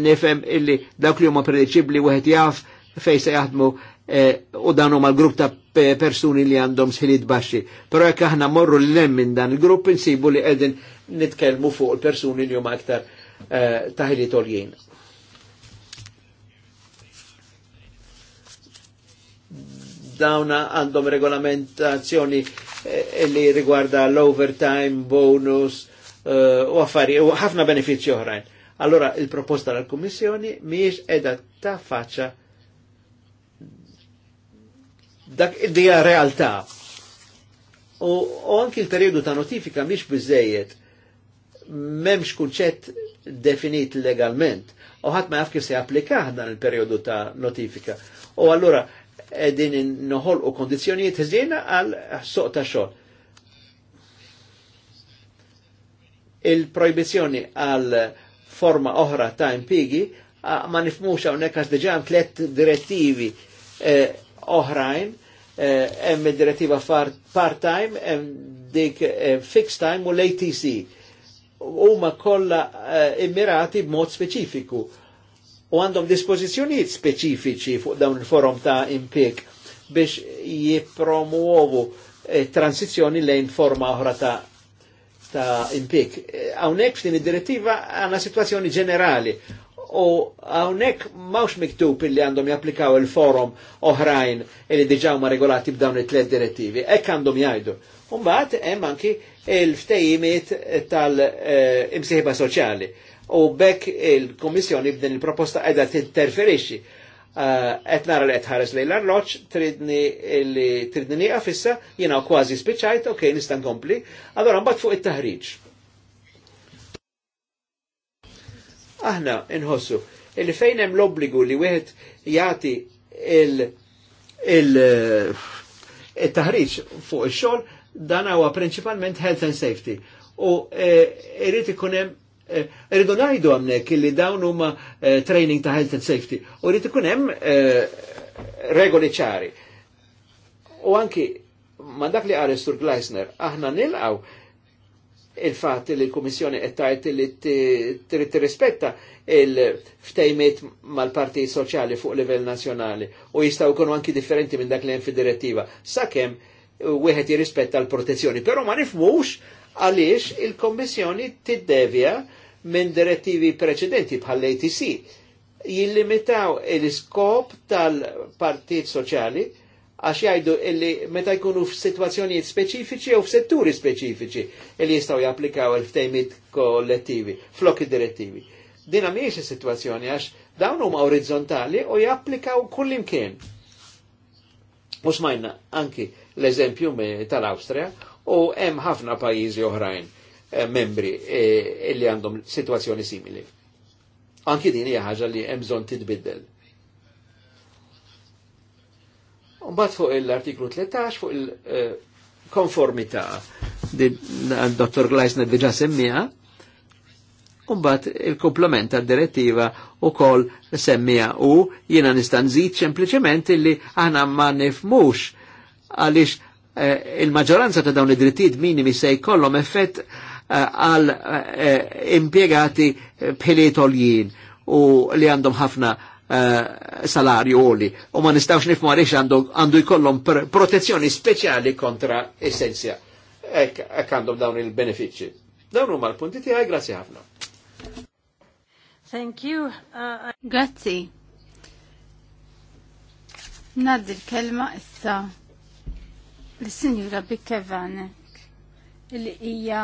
nifem illi dawk li huma prediċibbli wieħed jaf fejn se jaħdmu e, u dan huma l-grupp ta' persuni li għandhom sħilid baxxi. Però jekk aħna morru l minn dan il-grupp insibu li qegħdin nitkellmu fuq il-persuni li huma aktar e, ħilit oljien. dawna għandhom regolamentazzjoni e, li riguarda l-overtime, bonus u affari, u ħafna benefici oħrajn. Allora il-proposta tal kommissjoni miex edha ta' faċċa dak id-dija realtà. U anki l-periodu ta' notifika miex bizzejiet memx kunċett definit legalment. U hat ma jaf se applikaħ dan il-periodu ta' notifika. U allura edin noħol u kondizjonijiet ħżiena għal soq ta' xogħol. il proibizjoni għal forma oħra ta' impigi, ma nifmux hawnhekk għax diġà tliet direttivi eh, oħrajn, eh, hemm direttiva part-time, hemm dik eh, fixed time u l-ATC. Huma kollha immirati b'mod speċifiku u għandhom dispożizzjonijiet speċifiċi fuq dawn il-forum ta' impik biex jipromuovu transizjoni lejn forma oħra ta' ta' impik. Għawnek f'din id-direttiva għandna situazzjoni ġenerali u għawnek mawx miktub illi għandhom japplikaw il-forum oħrajn illi diġaw ma regolati b'dawn it tlet direttivi. Ek għandhom jajdu. Umbat, hemm anki il ftejimit tal-imsieħba soċjali. U bekk il-Komissjoni b'din il-proposta t-interferixi qed eh, nara li qed ħares lejn l-arloġġ, tridni li tridni niqa fissa, jiena kważi spiċċajt, ok, nista' nkompli, allora mbagħad fuq it-taħriġ. Aħna inħossu il fejn hemm l-obbligu li wieħed jagħti il eh, taħriġ fuq il-xol, dan huwa principalment health and safety. U eh, irrid ikun Eh, rridu ngħidu hawnhekk li dawn huma eh, training ta' health and safety. U rrid ikun hemm eh, regoli ċari. U anki ma dak li għare Sur Gleisner, aħna nilqaw il-fat li l-Komissjoni qed li trid tirrispetta il-ftejmiet mal parti Soċjali fuq livell nazzjonali u jistgħu jkunu anki differenti minn dak li hemm fid-direttiva sakemm wieħed jirrispetta l-protezzjoni, però ma nifmux għaliex il-Kommissjoni tiddevja minn direttivi preċedenti bħall-ATC jillimitaw il-skop tal-Partit Soċjali għax jgħidu illi meta jkunu f'sitwazzjonijiet speċifiċi u f'setturi speċifiċi illi jistgħu japplikaw il-ftejmit kollettivi, flokki direttivi. Dina miex is situazzjoni għax dawn huma orizzontali u japplikaw kullimkien. U anki l-eżempju tal austria u hemm ħafna pajjiżi oħrajn eh, membri eh, li għandhom situazzjoni simili. Anki din hija ħaġa li hemm bżonn titbiddel. Mbagħad fuq l-artiklu 13 fuq il-konformità eh, dottor Gleisner diġà semmija, Umbat il-komplement tad direttiva u kol semmija u jiena zid ċempliċement illi aħna ma nifmux għalix Eh, il-maġġoranza ta' dawn id-drittijiet minimi se jkollhom effett eh, għal eh, impiegati bħiliet oljin u li għandhom ħafna salarju oli u ma nistawx nifmu għalix għandu jkollhom protezzjoni speċjali kontra essenzja. Ek għandhom dawn il benefiċi Dawn huma l-punti tiegħi, grazzi ħafna. Thank you. Uh, grazzi. Naddi l-kelma issa l-Sinjura Bikkevan, li hija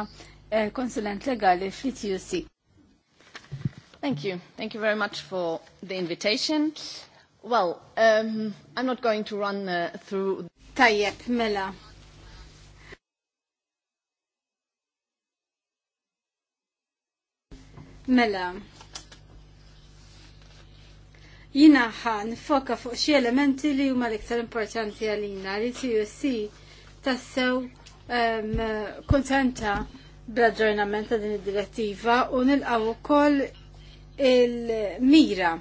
eh, konsulent legali fl-TUC. Thank you. Thank you very much for the invitation. Well, um, I'm not going to run uh, through... Tayyip mela. Mela. Jina ħan foka fuq xie elementi li huma l-iktar importanti għalina li TUC tassew kontenta bl-aġġornament ta' din id-direttiva u nilqaw ukoll il-mira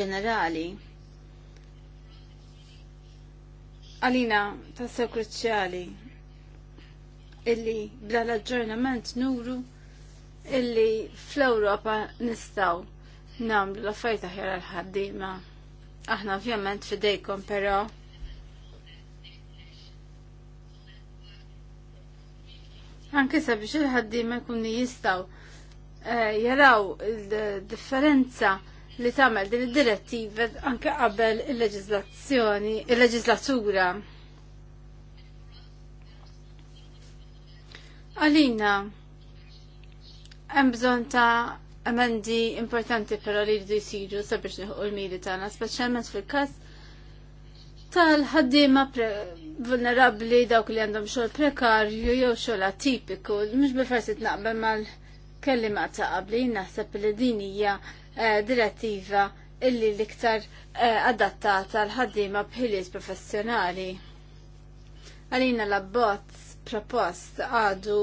ġenerali. Għalina tassew kruċjali illi bla l-aġġornament nuru illi fl-Ewropa nistaw namlu l-affarijiet aħjar għal ħaddiema. Aħna ovvjament fidejkom però anke sabiex il ma jkunu jistgħu eh, jaraw il-differenza li tagħmel din id-direttiva anke qabel il-leġiżlazzjoni, il-leġiżlatura. Alina hemm bżonn ta' emendi importanti però li jridu jsiru sabiex nieħu l-miri tagħna, speċjalment fil-każ tal-ħaddiema vulnerabli dawk li għandhom xogħol prekarju jew xogħol atipiku, mhux bil naqbel mal kellima ta' qabli, naħseb li din hija eh, direttiva illi l-iktar eh, adattata l-ħaddiema bħiliet professjonali. Għalina l-abbozz propost għadu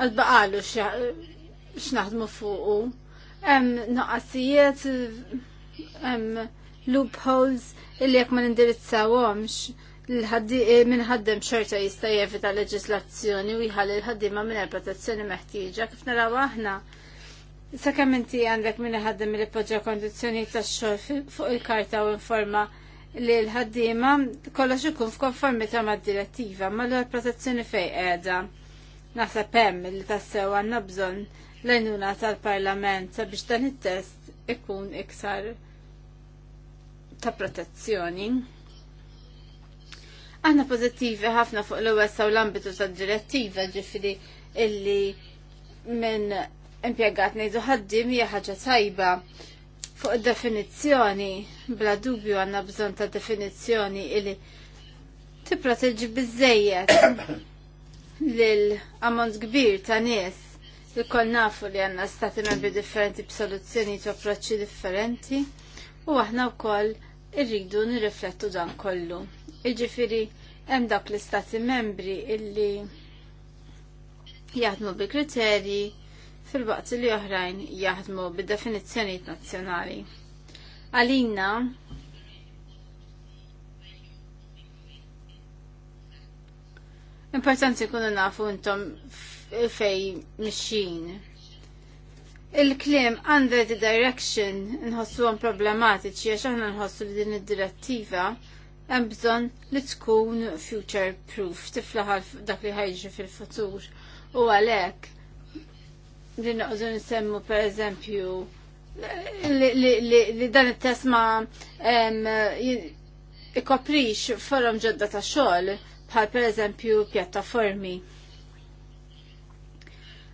għal-baqalu xnaħdmu fuqu. Hemm noqqasijiet, hemm loopholes illi jekk ma nindirizzawhomx eh, minħaddem xorta jista' jevita leġislazzjoni u jħalli l-ħaddiema minn protezzjoni meħtieġa kif naraw aħna. Sakemm inti għandek minn ħaddim li poġġa kondizzjoni tax-xogħol fuq il-karta u informa li l-ħaddiema kollox ikun f'konformità mad-direttiva, ma l protezzjoni fejn qiegħda. Naħseb hemm li tassew għandna bżonn l-għajnuna tal-Parlament sabiex dan it-test ikun iktar ta' protezzjoni. Aħna pozittivi ħafna fuq l-USA u l-ambitu ta' direttiva ġifiri illi minn impiegat nejdu ħaddim hija ħaġa tajba fuq definizzjoni bla dubju għanna bżon ta' definizzjoni illi tipproteġi biżejjed lil ammont kbir ta' nies li kol nafu li għanna stati membri differenti b'soluzzjoni u approċċi differenti u aħna wkoll irridu nirriflettu dan kollu. Iġifiri, hemm dak l-istati membri illi jaħdmu bi kriterji fil-waqt li oħrajn jaħdmu bi definizzjonijiet nazzjonali. Għalina Importanti kunu nafu intom fej mixin. Il-klim under the direction nħossu għan problematiċi għax aħna nħossu li din id-direttiva hemm bżonn li tkun future proof tiflaħal dak li ħajġi fil-futur u għalhekk li noqdu nsemmu pereżempju li dan it-test ma ikoprix forum ġodda ta' xogħol bħal pereżempju pjattaformi.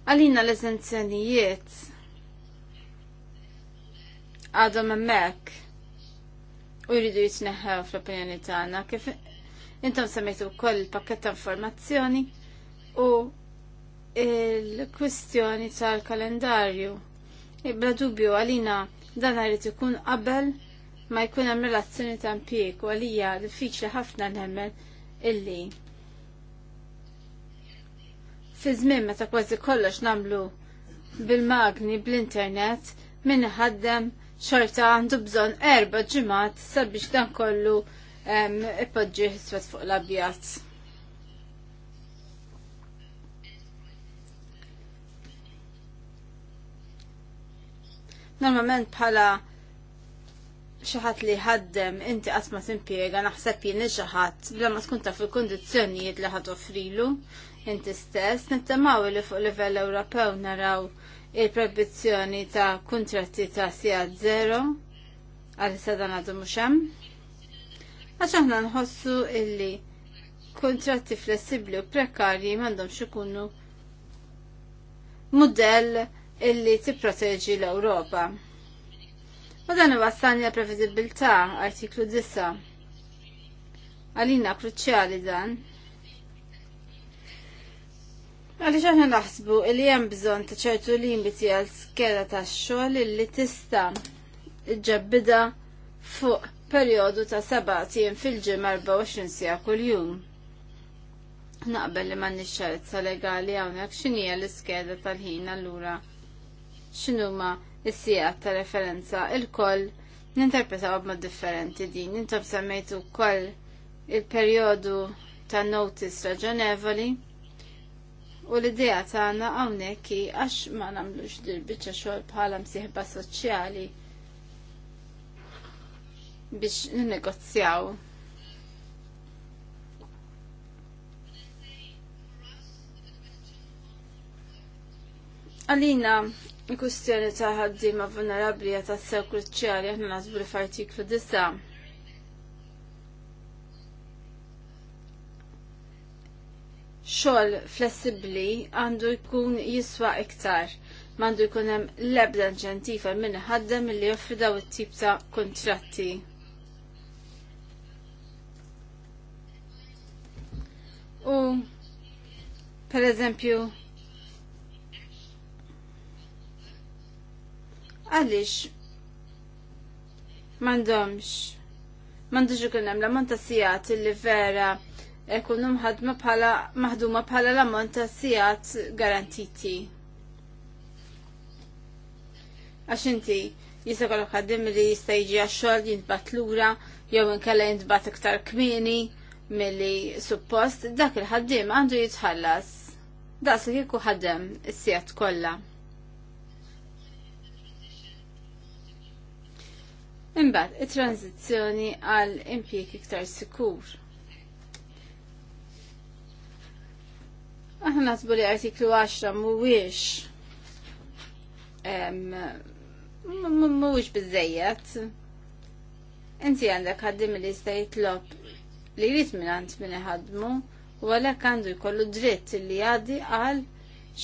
Għalina l-eżenzjonijiet għadhom hemmhekk u jridu jitneħħew fl-opinjoni tagħna kif intom semmejtu wkoll il-pakket ta' informazzjoni u il-kwistjoni tal-kalendarju. Bla dubju għalina dan għarid ikun qabel ma jkun hemm relazzjoni ta' impjieg u għalija diffiċli ħafna nemmen illi fi żmien meta kważi kollox nagħmlu bil-magni bl-internet min ħaddem xorta għandu bżon erba ġimat sabiex dan kollu ipoġġi ħiswet fuq l-abjat. Normalment bħala xaħat li ħaddem inti qasma timpiega naħseb jien xaħat bla ma tkun taf il-kondizzjonijiet li ħad offrilu inti stess nittamaw li fuq livell Ewropew naraw il-proibizzjoni ta' kontratti ta' sija zero għal sadan għadu muxem. Għax aħna nħossu illi kontratti flessibli u prekarji mandom ikunu modell illi tipproteġi l-Ewropa. U dan iwassani għal prevedibilità artiklu 9. Għalina kruċjali dan. Għaliex aħna naħsbu li hemm bżonn ta' ċertu limiti għal skeda tax-xogħol li tista' ġebbida fuq perjodu ta' sabatien fil-ġimgħa 24 sija kuljum. Naqbel li m'għandniex ċerezza legali hawnhekk x'inhija l-iskeda tal-ħin allura x'inhuma s-sijat ta' referenza il-koll ninterpretaw b'mod differenti din, intom semmejtu wkoll il-perjodu ta' notice raġonevoli. U l-idea tagħna hawnhekk għax ma nagħmlux dil-biċċa xogħol bħala msieħba soċjali biex n-negozzjaw. Għalina, il-kustjoni ta' ħaddima vulnerabli ta' sew kruċjali aħna nasbu l-artiklu 9 xogħol flessibbli għandu jkun jiswa iktar. Mandu jkun hemm l-ebda inċentiv minn ħaddem li joffri daw it-tip ta' kontratti. U per eżempju għaliex m'għandhomx m'għandux ikun hemm l-ammont ta' sigħat li vera ikunu mħadma maħduma bħala l-ammont ta' sigħat garantiti. Għax inti jista' kollok ħaddim li jista' jiġi għax-xogħol jintbat lura jew inkella jintbat iktar kmieni milli suppost dak il-ħaddim għandu jitħallas. Da' li kieku ħaddem is sijat kollha. Imbagħad it-tranzizzjoni għal impjieg iktar sikur. Aħna nasbu li artiklu 10 mhuwiex mhuwiex biżejjed. Inti għandek ħaddim li jista' jitlob li jrid mingħand minn iħadmu u għalhekk għandu jkollu dritt li għadi għal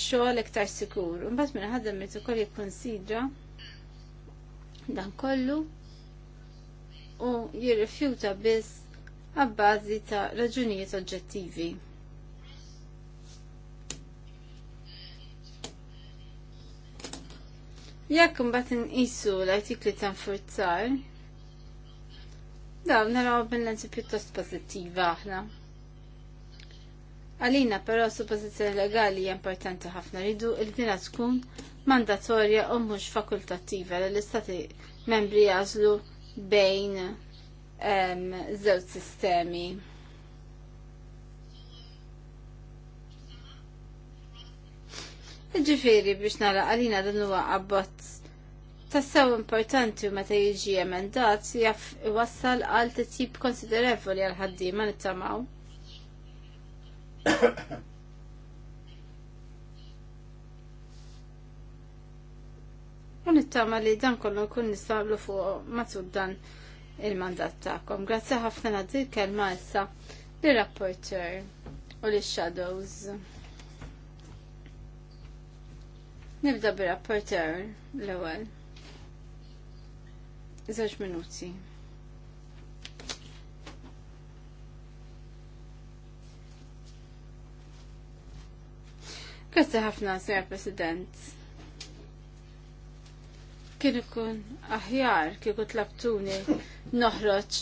xogħol iktar sikur. Imbagħad minn ħaddem irid ukoll jikkunsidra dan kollu u jirrifjuta biss għabbażi ta' raġunijiet oġġettivi. Jekk mbagħad inqisu l-artikli ta' nfurzar, dawn naraw bil-lenzi pjuttost pożittiva aħna. Għalina però suppożizzjoni legali hija importanti ħafna ridu il dinha tkun mandatorja u mhux fakultattiva li l-istati membri jażlu bejn ehm, żewġ sistemi. Ġifiri biex nara għalina dan huwa abbozz tassew importanti u meta jiġi emendat jaf wassal għal titjib konsiderevoli għal ma nittamaw. U nittama li dan kollu kun nistablu fuq matul dan il-mandat ta'kom. Grazzi ħafna għad kelma issa li rapporter u li shadows. Nibda bir-rapporter l-ewwel. Żewġ minuti. Grazzi ħafna, Sir President. Kien ikun aħjar kieku tlabtuni noħroġ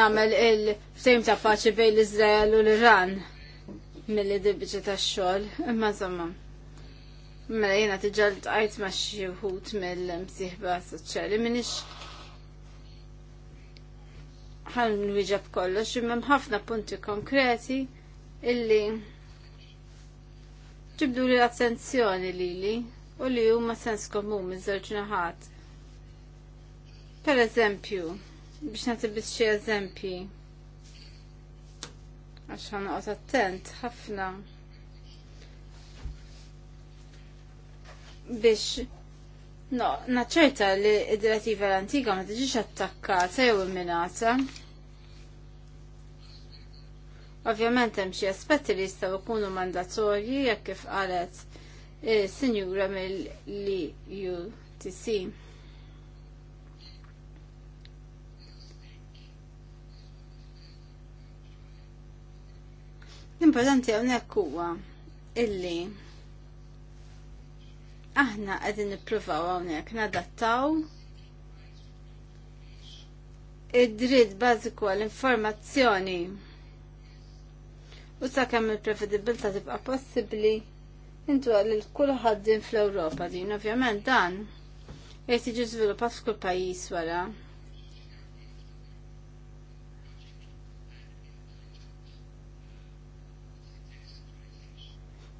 namel il-ftejm ta' paċi bejn l-Izrael u l-Iran mill-li dibġi ta' xol, imma zamma. Mela jena tiġal tqajt ma xi wħud mill-msieħba soċjali minix ħan nwieġeb kollox imma ħafna punti konkreti illi ġibdu li l-attenzjoni lili u li huma sens komun minn żewġ naħat. Per eżempju, biex nagħti xi eżempji għax ħanqgħod attent ħafna. biex no, naċċerta li id-direttiva l-antika ma tiġix attakkata jew imminata. Ovvjament hemm xi aspetti li jistgħu jkunu mandatorji jekk kif qalet eh, sinjura mill-UTC. L-importanti hawnhekk huwa illi aħna qegħdin nippruvaw hawnhekk nadattaw id-dritt bażiku għall-informazzjoni u sakemm il prevedibilta tibqa' possibbli intu għal ħaddin fl-Ewropa din ovvjament dan qed jiġi żviluppat f'kull pajjiż wara.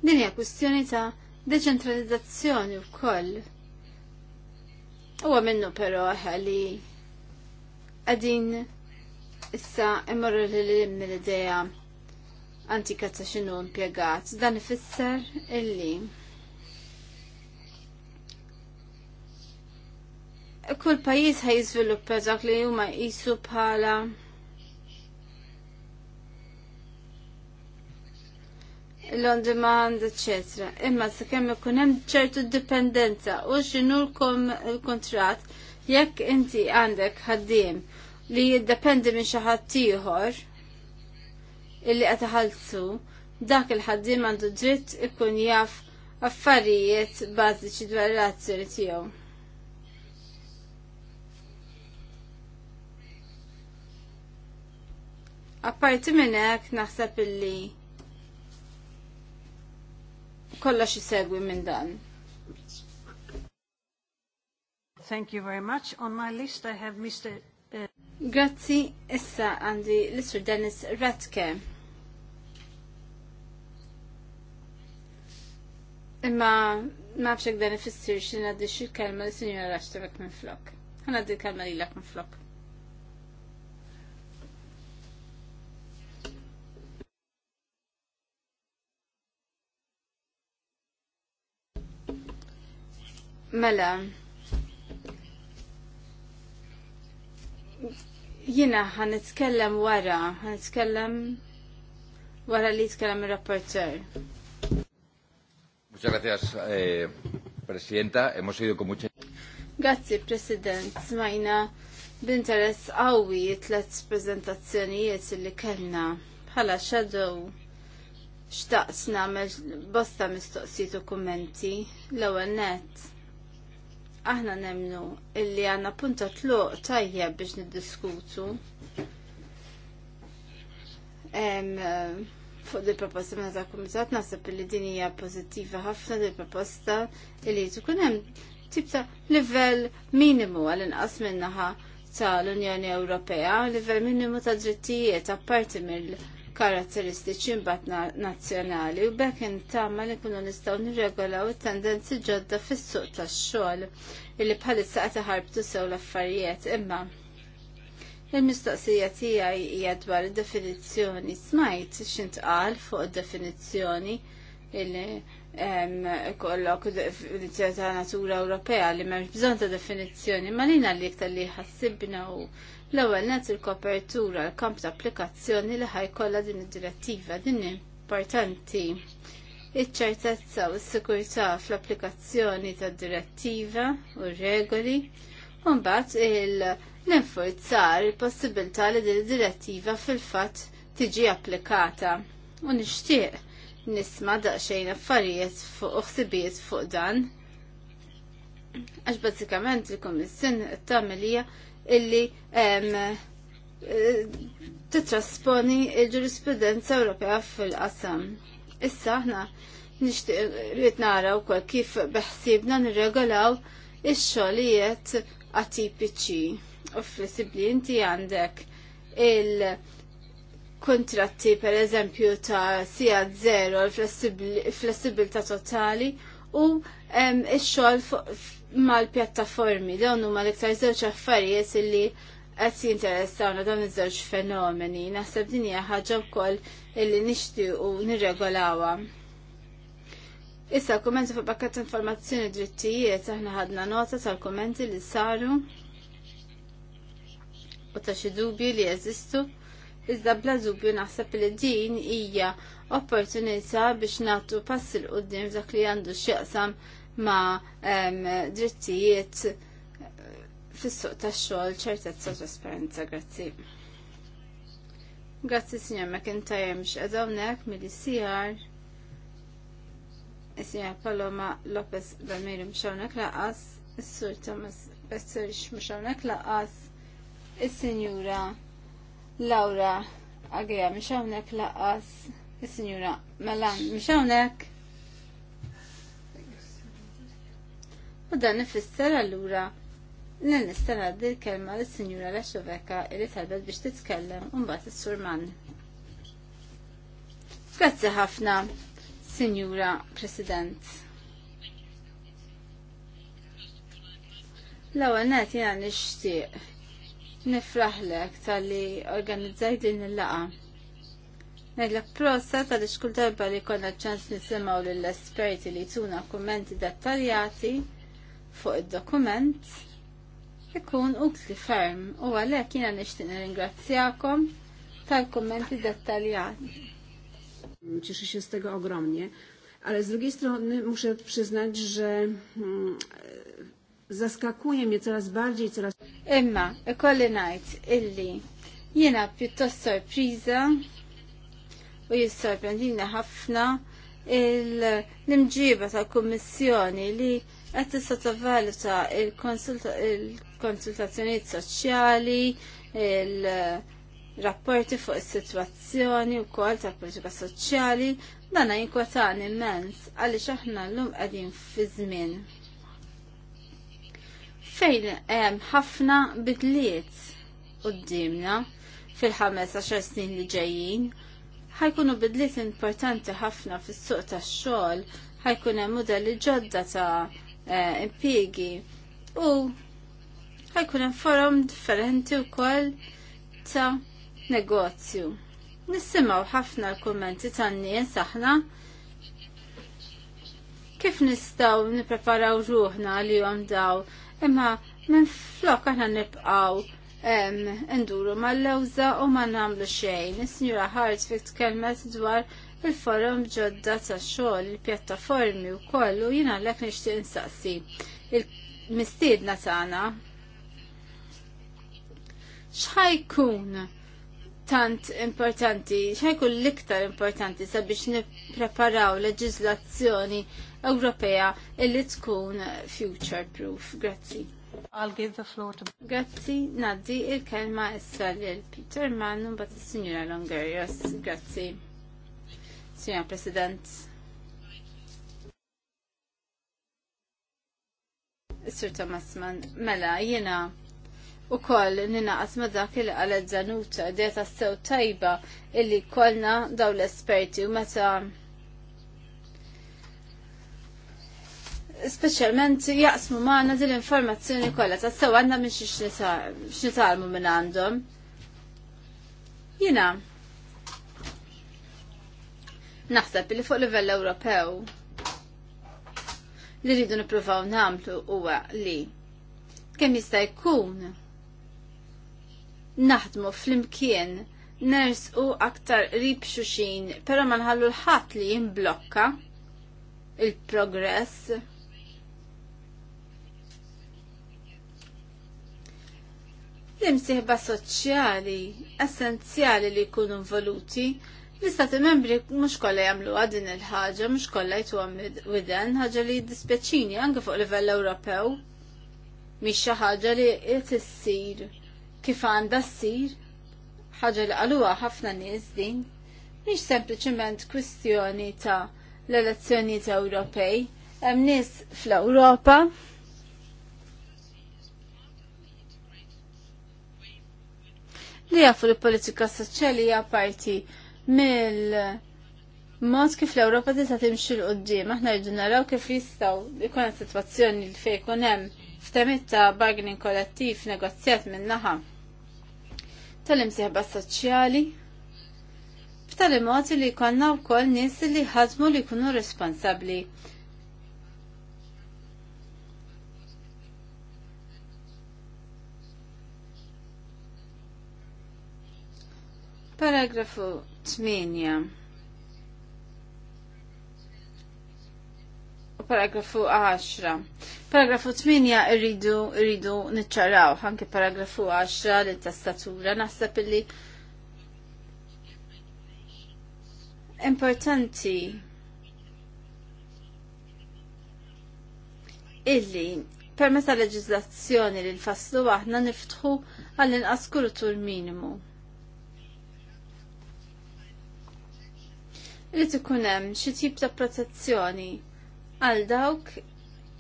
Din hija kwistjoni ta' deċentralizzazzjoni wkoll. Huwa minnu però li għadin issa imorru li mill-idea antika ta' xinu impjegat. Dan ifisser illi kull pajjiż ħaj jiżviluppa dak li huma jqisu bħala l-on demand, etc. Imma se kemm ikun hemm ċertu dipendenza u x'inhu l kontrat jekk inti għandek ħaddiem li jiddependi minn xi ħadd ieħor illi qed iħallsu, dak il-ħaddiem għandu dritt ikun jaf affarijiet bażiċi dwar ir-razzjoni tiegħu. Apparti minn hekk naħseb illi kolla xi segwi minn dan. Thank you very much. On my list I have Mr. Uh, Grazzi, issa għandi l-Sir Dennis Ratke. Imma ma bxek dan ifissir xin għaddi xil kelma l-Sinjora Rashtabek minn flok. Għan għaddi kelma li l-ak minn flok. Mela, jina ħan itkellem wara, ħan itkellem wara li itkellem il-rapporter. Muchas gracias, eh, Presidenta. Hemos ido con mucha... Grazie, President. Smajna b'interess qawwi let prezentazzjonijiet li kellna bħala shadow xtaqsna bosta mistoqsijiet u l-ewwel nett aħna nemnu illi għanna punta tluq tajjeb biex niddiskutu eh, fuq di proposta minna ta' komitat nasib illi din hija pozittiva ħafna di proposta illi tukun hemm tip ta' livell minimu għal inqas minnaħa ta' l-Unjoni Ewropea, livell minimu ta' drittijiet apparti mill- karatteristiċi mbagħad nazzjonali u bekk intama li kunu nistgħu nirregolaw it-tendenzi ġodda fis-suq tax-xogħol illi bħalissa qed iħarbtu sew l-affarijiet imma il-mistoqsija tiegħi hija dwar id-definizzjoni smajt x'intqal fuq id-definizzjoni illi kollok definizzjoni ta' natura Ewropea li m'hemmx bżonn ta' definizzjoni ma lina li iktar li ħassibna u L-ewwel net il-kopertura l-kamp ta' applikazzjoni li ħajkollha din id-direttiva din importanti. Iċ-ċertezza u s-sikurtà fl-applikazzjoni tad-direttiva u regoli u mbagħad il infurzar il-possibilità li din id-direttiva fil-fatt tiġi applikata. U nixtieq nisma' daqsxejn affarijiet fuq uħsibijiet fuq dan. Għax bażikament il-Kummissjoni qed tagħmel hija illi eh, titrasponi il-ġurisprudenza Ewropea fil-qasam. Issa ħna nixtieq rrid nara wkoll kif beħsibna nirregolaw il xogħlijiet atipiċi u flessibli inti għandek il- kontratti per eżempju ta' sija zero, flessibilità totali u ix-xogħol mal-pjattaformi, dawn huma l-iktar żewġ affarijiet illi qed jinteressawna dawn iż-żewġ fenomeni. Naħseb din hija ħaġa wkoll illi nixtiequ nirregolawha. Issa l-kummenti fuq pakket informazzjoni drittijiet aħna ħadna nota tal-kummenti li saru u ta' xi dubju li jeżistu. Iżda bla dubju naħseb li din hija opportunità biex nagħtu pass il qudiem f'dak li għandu x'jaqsam ma' drittijiet eh, fis-suq tax-xogħol ċertezza trasparenza. Grazzi. Grazzi signor McIntyre mx qed hawnhekk sijar, e signor Paloma Lopez Bamiri mx hawnhekk laqas, is-Sur Thomas Besserix mx hawnhekk laqas, is-Sinjura Laura Agija mx hawnhekk laqas, is-Sinjura Melan mhux hawnhekk. U dan nifisser allura li nista' ngħaddi l-kelma lis-Sinjura Lexoveka li talbet biex titkellem u mbagħad is-Surman. Grazzi ħafna, Sinjura President. L-ewwel nagħti jiena nixtieq nifraħlek tal-li organizzajt din il-laqa. Ngħidlek prosa tal-li xkull darba li konna ċans nisimaw l-esperti li tuna kommenti dettaljati fuq id-dokument ikun utli ferm u għalek jiena nixtieq ringrazzjakom tal kommenti dettaljati. Cieszę się z tego ogromnie, ale z drugiej strony muszę przyznać, że mm, zaskakuje mnie coraz bardziej, coraz... Imma, ikolli najt, illi, jena piuttost sorpriza u jissorprendina ħafna l-imġiba tal-Kommissjoni li qed tista' valuta il-konsultazzjonijiet soċjali, il-rapporti fuq is-sitwazzjoni wkoll tal-politika soċjali, jinkwatani jinkwatan immens għaliex aħna llum qegħdin fi żmien fejn hemm ħafna bidliet d-dimna fil-ħames għaxar snin li ġejjin ħajkunu bidliet importanti ħafna fis-suq tax-xogħol ħajkun hemm mudelli ġodda ta' Eh, impiegi. U ħajkun hemm forum differenti wkoll ta' negozju. Nissimgħu ħafna l-kummenti tan-nies aħna kif nistaw nipreparaw ruħna li jom daw, imma minn flok aħna nibqgħu nduru mal-lewza u ma namlu xejn. Is-Sinjura Hart fik tkellmet dwar il-forum ġodda ta' xogħol, il-pjattaformi u kollu jien ek nixtieq insaqsi. Il-mistiedna tagħna x'ħajkun tant importanti, x'ħajkun l-iktar importanti sabiex nippreparaw leġiżlazzjoni Ewropea illi tkun future proof. Grazzi. I'll give the floor to... Grazzi, naddi il-kelma issa lil Peter Mann u bat il-Signora Grazzi. Signor President. Sir Thomas Mann, mela, jena u koll nina ma dak il għalet zanuta dieta sew tajba illi kollna daw l-esperti u meta specialment jaqsmu maħna din informazzjoni kollha ta' sew għandna minn xi xnitalmu minn għandhom. Jina, Naħseb li fuq livell Ewropew li rridu nippruvaw nagħmlu huwa li kemm jista' jkun naħdmu flimkien ners u aktar rib xuxin, pero ma nħallu l-ħat li jimblokka il-progress. L-imsiħba soċjali essenzjali li jkunu involuti L-istati membri mux kolla jamlu għadin il-ħagġa, mux kolla jtu widen, ħagġa li dispieċini anke fuq livell Ewropew. Mix xi ħaġa li qed issir kif għandha ssir, ħaġa li qaluha ħafna nies din, Miex sempliċement kwistjoni ta' l-elezzjonijiet Ewropej, hemm nies fl-Ewropa li jafu li politika soċjali hija parti mill-mod kif l-Ewropa tista' timxi l qudiem aħna rridu naraw kif jistgħu jkun sitwazzjoni li fejn ikun hemm f'temiet ta' bargaining kollettiv negozjat min-naħa tal-imsieħba soċjali b'tali mod li jkollna wkoll nies li ħadmu li jkunu responsabbli Paragrafu 8. U paragrafu 10. Paragrafu 8 irridu irridu niċċaraw, anke paragrafu 10 li tastatura naħseb li importanti illi permessa leġizlazzjoni li nfasslu aħna niftħu għall-inqas kultur minimu. li ikun hemm xi tip ta' protezzjoni għal dawk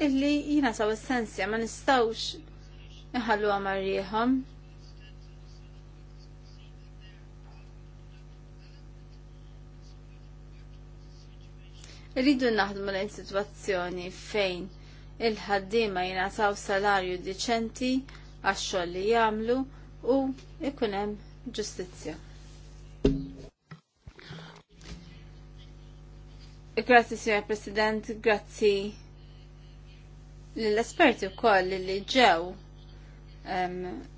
illi jina saw essenzja ma nistawx nħallu għamarriħom. Rridu naħdmu lejn situazzjoni fejn il-ħaddima jina saw salarju diċenti għax-xogħol li jagħmlu u ikun hemm ġustizzja. Grazzi, Sr. President, grazzi l-esperti u koll li ġew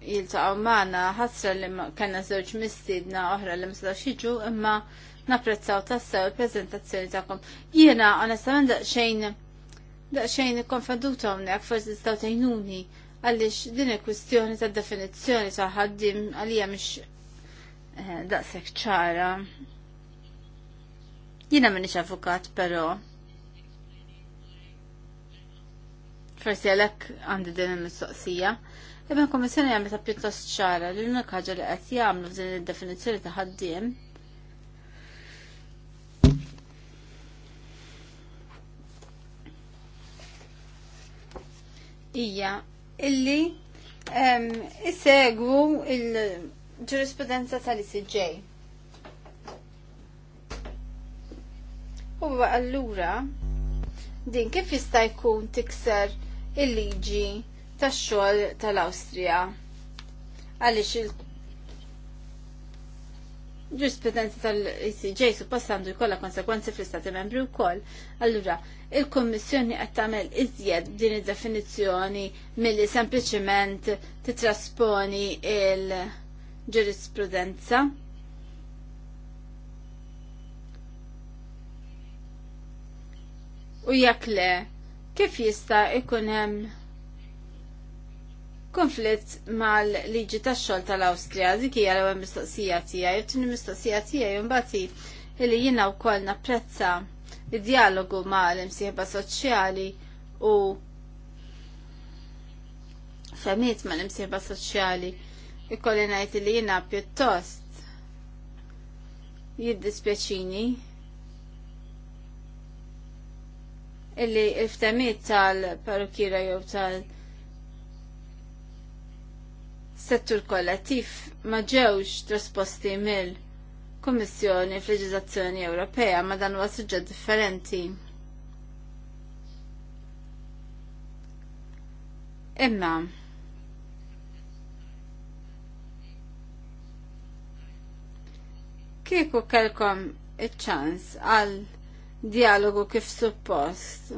jiltaqaw maħna ħasra li kellna zewġ mistidna oħra li msla xieġu imma napprezzaw tassew il-prezentazzjoni tagħkom. Jiena onestament daqsxejn daqsxejn konfaduta hawnhekk forsi tistgħu tgħinuni għaliex din il-kwistjoni tad definizzjoni ta' ħaddim għalija mhix eh, daqshekk ċara. Jina minix avukat, pero forsi għalek għandi din il-mistoqsija. Eben komissjoni kommissjoni ta' pjuttost ċara li l-unika ħaġa li qed jagħmlu f'din id-definizzjoni ta' ħaddiem hija illi isegwu il-ġurisprudenza tal-ICJ. U allura din kif jista' jkun tikser il-liġi tax-xogħol tal-Awstrija għaliex il- ġurisprudenza tal-ICJ suppost għandu jkollha konsekwenzi fl-Istati Membri wkoll. Allura, il-Kommissjoni qed tagħmel iżjed din id-definizzjoni milli sempliċement titrasponi il-ġurisprudenza. U jekk le, kif jista' ikun hemm konflitt mal-liġi tax-xogħol tal-Awstrija dik hija l-ewwel mistoqsija tiegħi, it-tieni mistoqsija tiegħi mbagħad illi jiena wkoll napprezza id-dialogu mal-imsieħba soċjali u femiet mal-imsieħba soċjali ikolli ngħid li jiena pjuttost jiddispjaċini illi il-ftemiet tal-parukira jew tal-settur kollettiv ma ġewx trasposti mill Kummissjoni fl-Leġiżlazzjoni Ewropea ma dan huwa suġġett differenti. Imma kieku kelkom iċ-ċans għal dialogu kif suppost.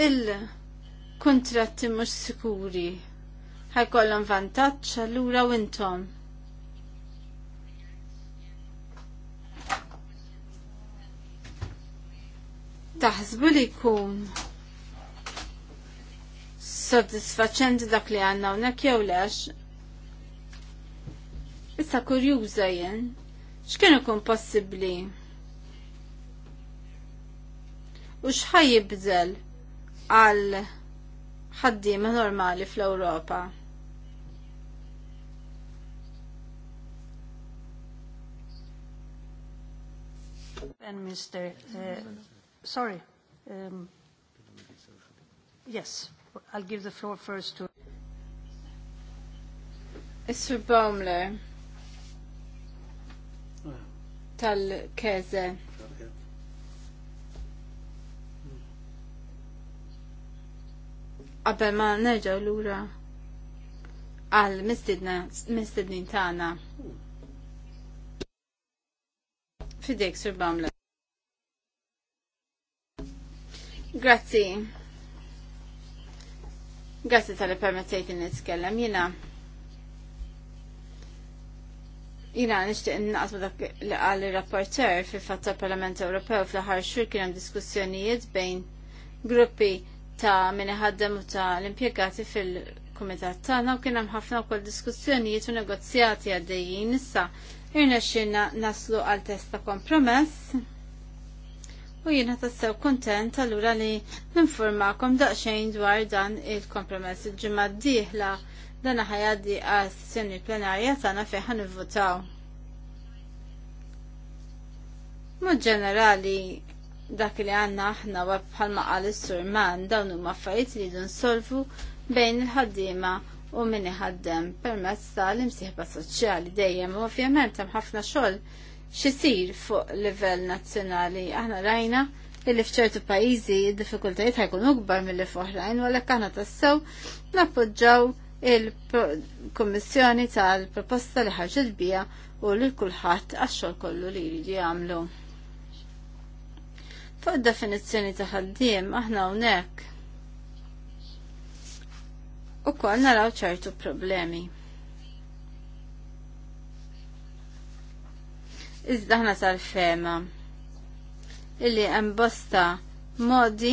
Il-kontratti mux sikuri ħajkollhom vantaġġ allura u intom. taħsbu li jkun soddisfaċenti dak li għanna unek jew lex. Issa kurjuża jien, x'kien ikun possibbli? U x'ħaj jibżel għal ħaddiema normali fl-Ewropa? Mr. Uh, sorry. Um, yes, I'll give the floor first to... Mr. Baumler tal-Keze. Qabel ma neġa l-ura għal mistidna, mistidni tana. Fidek Sir Baumler. Grazzi. Grazzi tal permettejt in nitkellem jina. Jina nishtiq naqsmu dak li ir rapporter fil fatta Parlament Ewropew fl-ħar xur kien hemm diskussjonijiet bejn gruppi ta' mini ħaddem u ta' l-impjegati fil-kumitat tagħna u kien hemm ħafna wkoll diskussjonijiet u negozjati għaddejjin issa irna xinna naslu għal testa kompromess U jiena tassew kontent allura li ninformakom daqsxejn dwar dan il-kompromess il-ġimgħa d-dieħla dan ħajaddi għal sessjoni plenarja tagħna fejn ħan nivvotaw. Mod ġenerali dak li għandna aħna wa bħalma qal is-sur man dawn huma affarijiet li jdu nsolvu bejn il-ħaddiema u min iħaddem permezz tal-imsieħba soċjali dejjem u ovvjament hemm ħafna xogħol xisir fuq livell nazzjonali. Aħna rajna illi fċertu pajizi diffikultajiet ħajkun ukbar mill-li f'oħrajn, u għalek aħna tassew nappoġġaw il komissjoni tal-proposta li ħarġet bija u li kulħadd għax kollu li jridu jagħmlu. Fuq id-definizzjoni ta' ħaddiem aħna hawnhekk ukoll naraw ċertu problemi. Iżda ħna tal-fema illi hemm bosta modi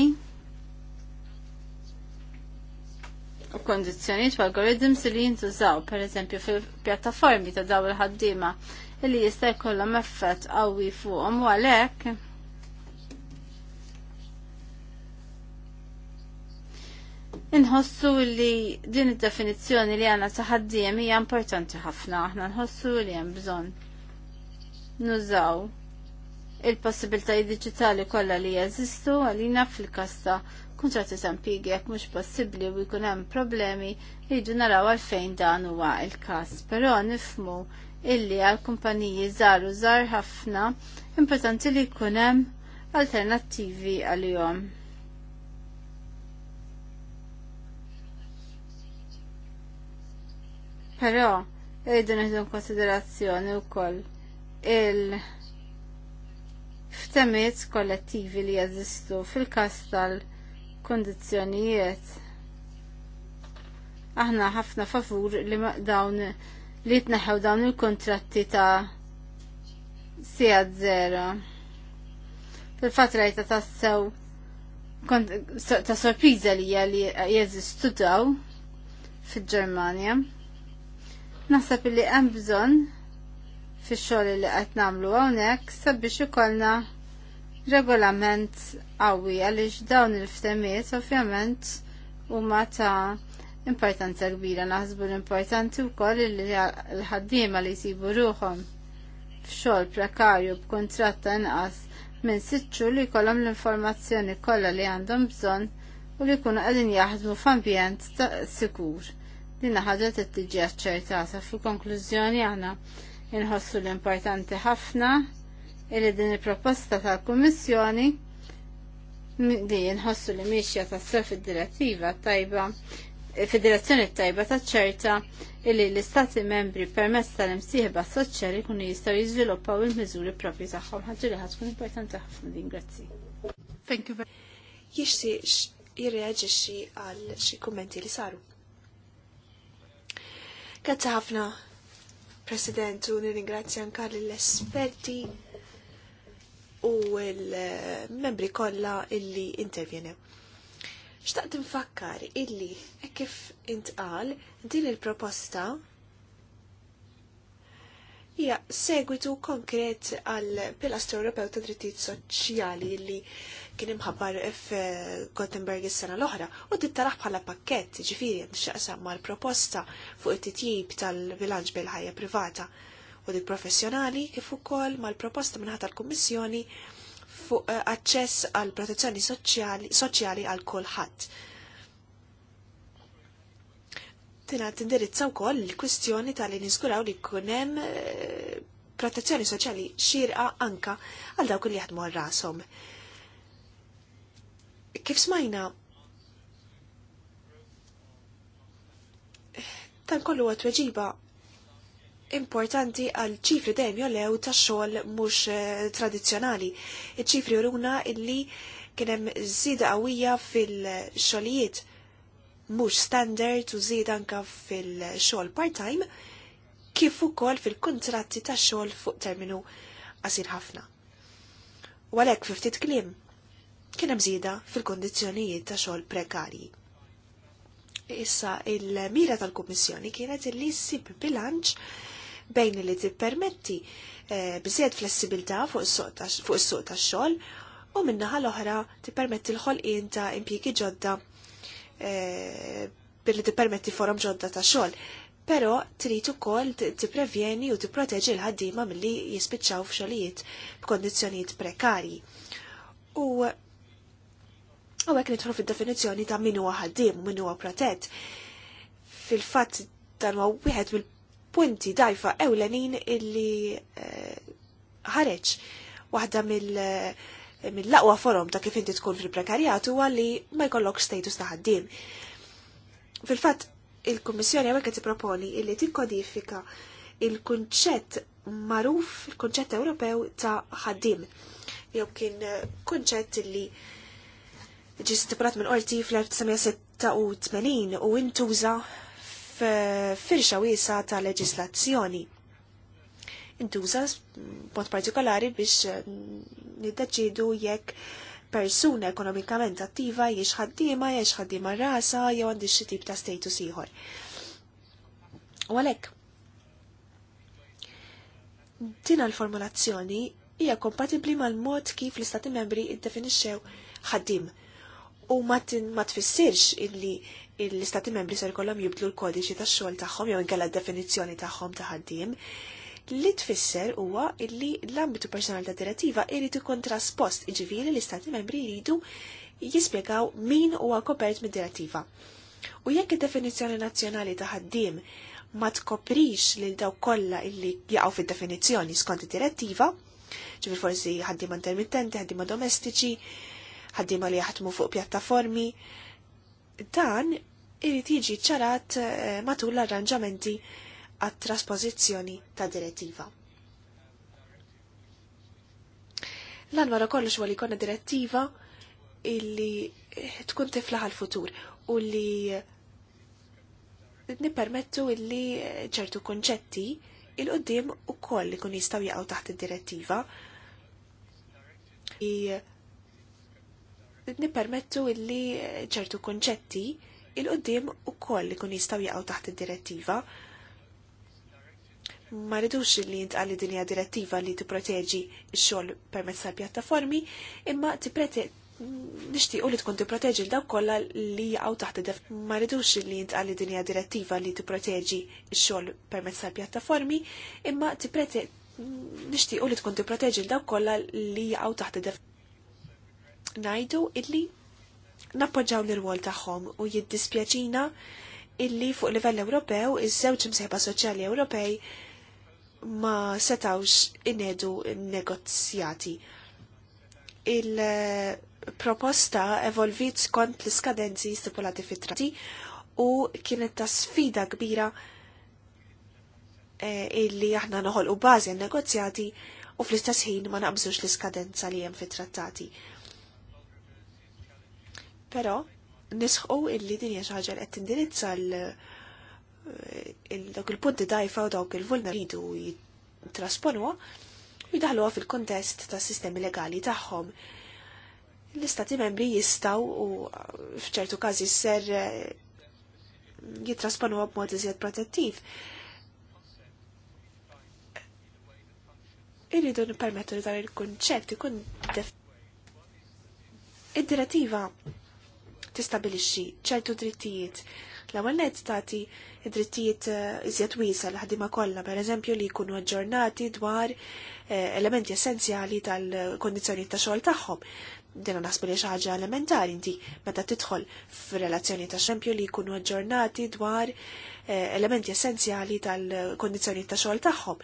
u kondizzjonijiet u algoritms li jintużaw, pereżempju fil-pjattaformi ta' daw il-ħaddiema illi jista' jkollhom effett qawwi fuqhom u għalhekk Inħossu li din id-definizzjoni li għana saħaddim hija importanti ħafna, aħna nħossu li hemm bżonn nużaw il-possibilitajiet digitali kollha li jeżistu għalina fil-kasta kontrati sampigi jekk mux possibli u jkun hemm problemi jridu naraw għalfejn dan huwa il-każ, però nifmu illi għal kumpaniji żaru żar ħafna importanti li jkun hemm alternattivi għalihom. Però irridu nieħdu konsiderazzjoni wkoll il- ftemiet kollettivi li jazistu fil-kas tal-kondizjonijiet. Aħna ħafna favur li dawn li tneħħu dawn il-kontratti ta' sija zero. Fil-fat rajta ta' sew ta' sorpiza li li jazistu daw fil-ġermania. Naħseb li hemm bżonn fix-xogħol li qed nagħmlu hawnhekk sabiex ikollna regolament qawwi għaliex dawn il-ftemiet ovvjament huma ta' importanza kbira naħsbu l-importanti wkoll li l-ħaddiema li jsibu ruhom f'xogħol prekarju b'kuntratt inqas minn sitxu li jkollhom l-informazzjoni kollha li għandhom bżonn u li jkunu qegħdin jaħdmu f'ambjent sikur. Din ħaġa tiġi aċċertata fil konklużjoni aħna Inħossu l-importanti ħafna illi din il-proposta tal-Kummissjoni li nħossu li miexja ta' sew fid-direttiva tajba fid-direzzjoni tajba ta' ċerta illi l-istati membri permess tal-imsieħba soċjali kunu jistgħu jiżviluppaw il-miżuri propri tagħhom ħagġi li ħatkun importanti ħafna din grazzi. Thank you very much. Jixtieq jirreaġixxi għal xi kummenti li saru. Grazzi ħafna President, u nirringrazzja anka l-esperti u l-membri kollha illi intervjene. Xtaqt nfakkar illi e kif intqal din il-proposta hija segwitu konkret għal pilastru Ewropew ta' drittijiet soċjali illi kien imħabbar f'Gothenburg is-sena l-oħra u tittaraħ bħala pakkett ġifiri għed xaqsam mal proposta fuq it-titjib tal-bilanċ bil-ħajja privata u dik professjonali kif ukoll mal-proposta minħat tal-Kummissjoni fuq eh, aċċess għal protezzjoni soċjali għal kulħadd. Tina tindirizza wkoll il-kwistjoni tal-li li jkun hemm eh, protezzjoni soċjali xirqa anka għal dawk li jaħdmu għal rashom Kif smajna? Dan kollu għat weġiba importanti għal ċifri dejjem jolew ta' xogħol mhux eh, tradizzjonali. Iċ-ċifri uruna illi kien hemm għawija qawwija fil-xogħlijiet mhux standard u zida anka fil-xogħol part-time kif ukoll fil-kontratti ta' xogħol fuq terminu għasir ħafna. Walek fi klim. kliem kien hemm żieda fil-kondizzjonijiet ta' xogħol prekarji. Issa il-mira tal-Kummissjoni kienet li issib bilanċ bejn li tippermetti eh, biżjed flessibilità fuq is-suq tax-xogħol u minnaħa l-oħra tippermetti l-ħolqien ta' impjiegi ġodda eh, billi tippermetti forom ġodda ta' xogħol. Però trid ukoll tipprevjeni u tipproteġi l-ħaddiema milli jispiċċaw f'xogħlijiet b'kondizzjonijiet prekarji. U U għek nitħlu fil-definizjoni ta' min huwa ħaddim, min huwa protett. Fil-fatt dan huwa wieħed mill-punti dajfa ewlenin illi eh, ħareġ waħda mill- eh, laqwa forum ta' kif inti tkun fil-prekarjat huwa li ma jkollok status ta' għaddim. Fil-fatt il-Kummissjoni għawek proponi illi tikkodifika il-kunċett maruf, il-kunċett Ewropew ta' ħaddim jew kien eh, kunċett li ġi stipulat minn qorti fl-1986 u intuża f-firxa wiesa ta' leġislazzjoni. Intuża b'mod partikolari biex eh, niddeċidu jekk persuna ekonomikament attiva jiex ħaddiema, jiex ħaddima rasa, jew għandix xi tip ta' status ieħor. U għalhekk din l-formulazzjoni hija kompatibbli mal-mod kif l-istati membri iddefinixxew ħaddim u ma tfissirx illi l-istati membri ser kollom jibdlu l-kodiċi ta' xogħol tagħhom jew inkella d-definizzjoni tagħhom ta' ħaddiem. Li tfisser huwa illi l-ambitu personali ta' direttiva irid ikun traspost, iġifieri l-istati membri jridu jispjegaw min huwa kopert mid-direttiva. U jekk id-definizzjoni nazzjonali ta' ħaddiem ma tkoprix lil daw kollha illi jaqgħu fid-definizzjoni skont id-direttiva, ġifir forsi ħaddiema intermittenti, ħaddim domestiċi, Ħaddima li jaħdmu fuq pjattaformi. Dan irid jiġi ċarat eh, matul l-arranġamenti għat traspożizzjoni ta' direttiva. Lan wara kollox wali konna direttiva illi eh, tkun tiflaħ għal-futur u li eh, nipermettu illi ċertu konċetti il-qoddim u koll li kun jistaw jaqaw taħt id-direttiva nipermettu illi ċertu konċetti il-qoddim u koll kun jistaw jaqaw taħt id-direttiva. Ma ridux li jintqalli dinja direttiva li tipproteġi x-xogħol permezz tal-pjattaformi, imma nixtiequ li tkun tipproteġi l daw kollha li jaqgħu taħt id Ma ridux li jintqalli dinja direttiva li tipproteġi x-xogħol permezz tal-pjattaformi, imma nixtiequ li tkun tipproteġi l dawk kollha li jaqgħu taħt id najdu illi nappoġġaw l irwol tagħhom u jiddispjaċina illi fuq livell Ewropew iż-żewġ imsejba soċjali Ewropej ma setawx inedu negozjati. Il-proposta evolvit skont l-iskadenzi stipulati fit-trati u kienet ta' sfida kbira eh, illi aħna noħolqu bażi bazi negozjati u fl-istess ħin ma naqbżux l-iskadenza li hemm fit-trattati. Però nisħu illi din hija xi ħaġa qed tindirizza eh, dawk il-punti dajfa u dawk il vulnerabilitu jitrasponuha u jidaħluha fil-kontest tas sistemi legali tagħhom. L-istati membri jistaw u eh, fċertu każi ser eh, jitrasponuha b'mod iżjed protettiv. irridu nippermettu li dan il kunċett ikun id-direttiva tistabilixxi ċertu drittijiet. L-ewwel nett tagħti drittijiet eh, iżjed wiesa l-ħadima kollha, pereżempju li jkunu aġġornati dwar eh, elementi essenzjali tal-kondizzjonijiet ta' xogħol tagħhom. Dina naħsbu li ħaġa elementari inti meta tidħol f'relazzjoni ta' xempju li jkunu aġġornati dwar eh, elementi essenzjali tal-kondizzjonijiet ta' xogħol tagħhom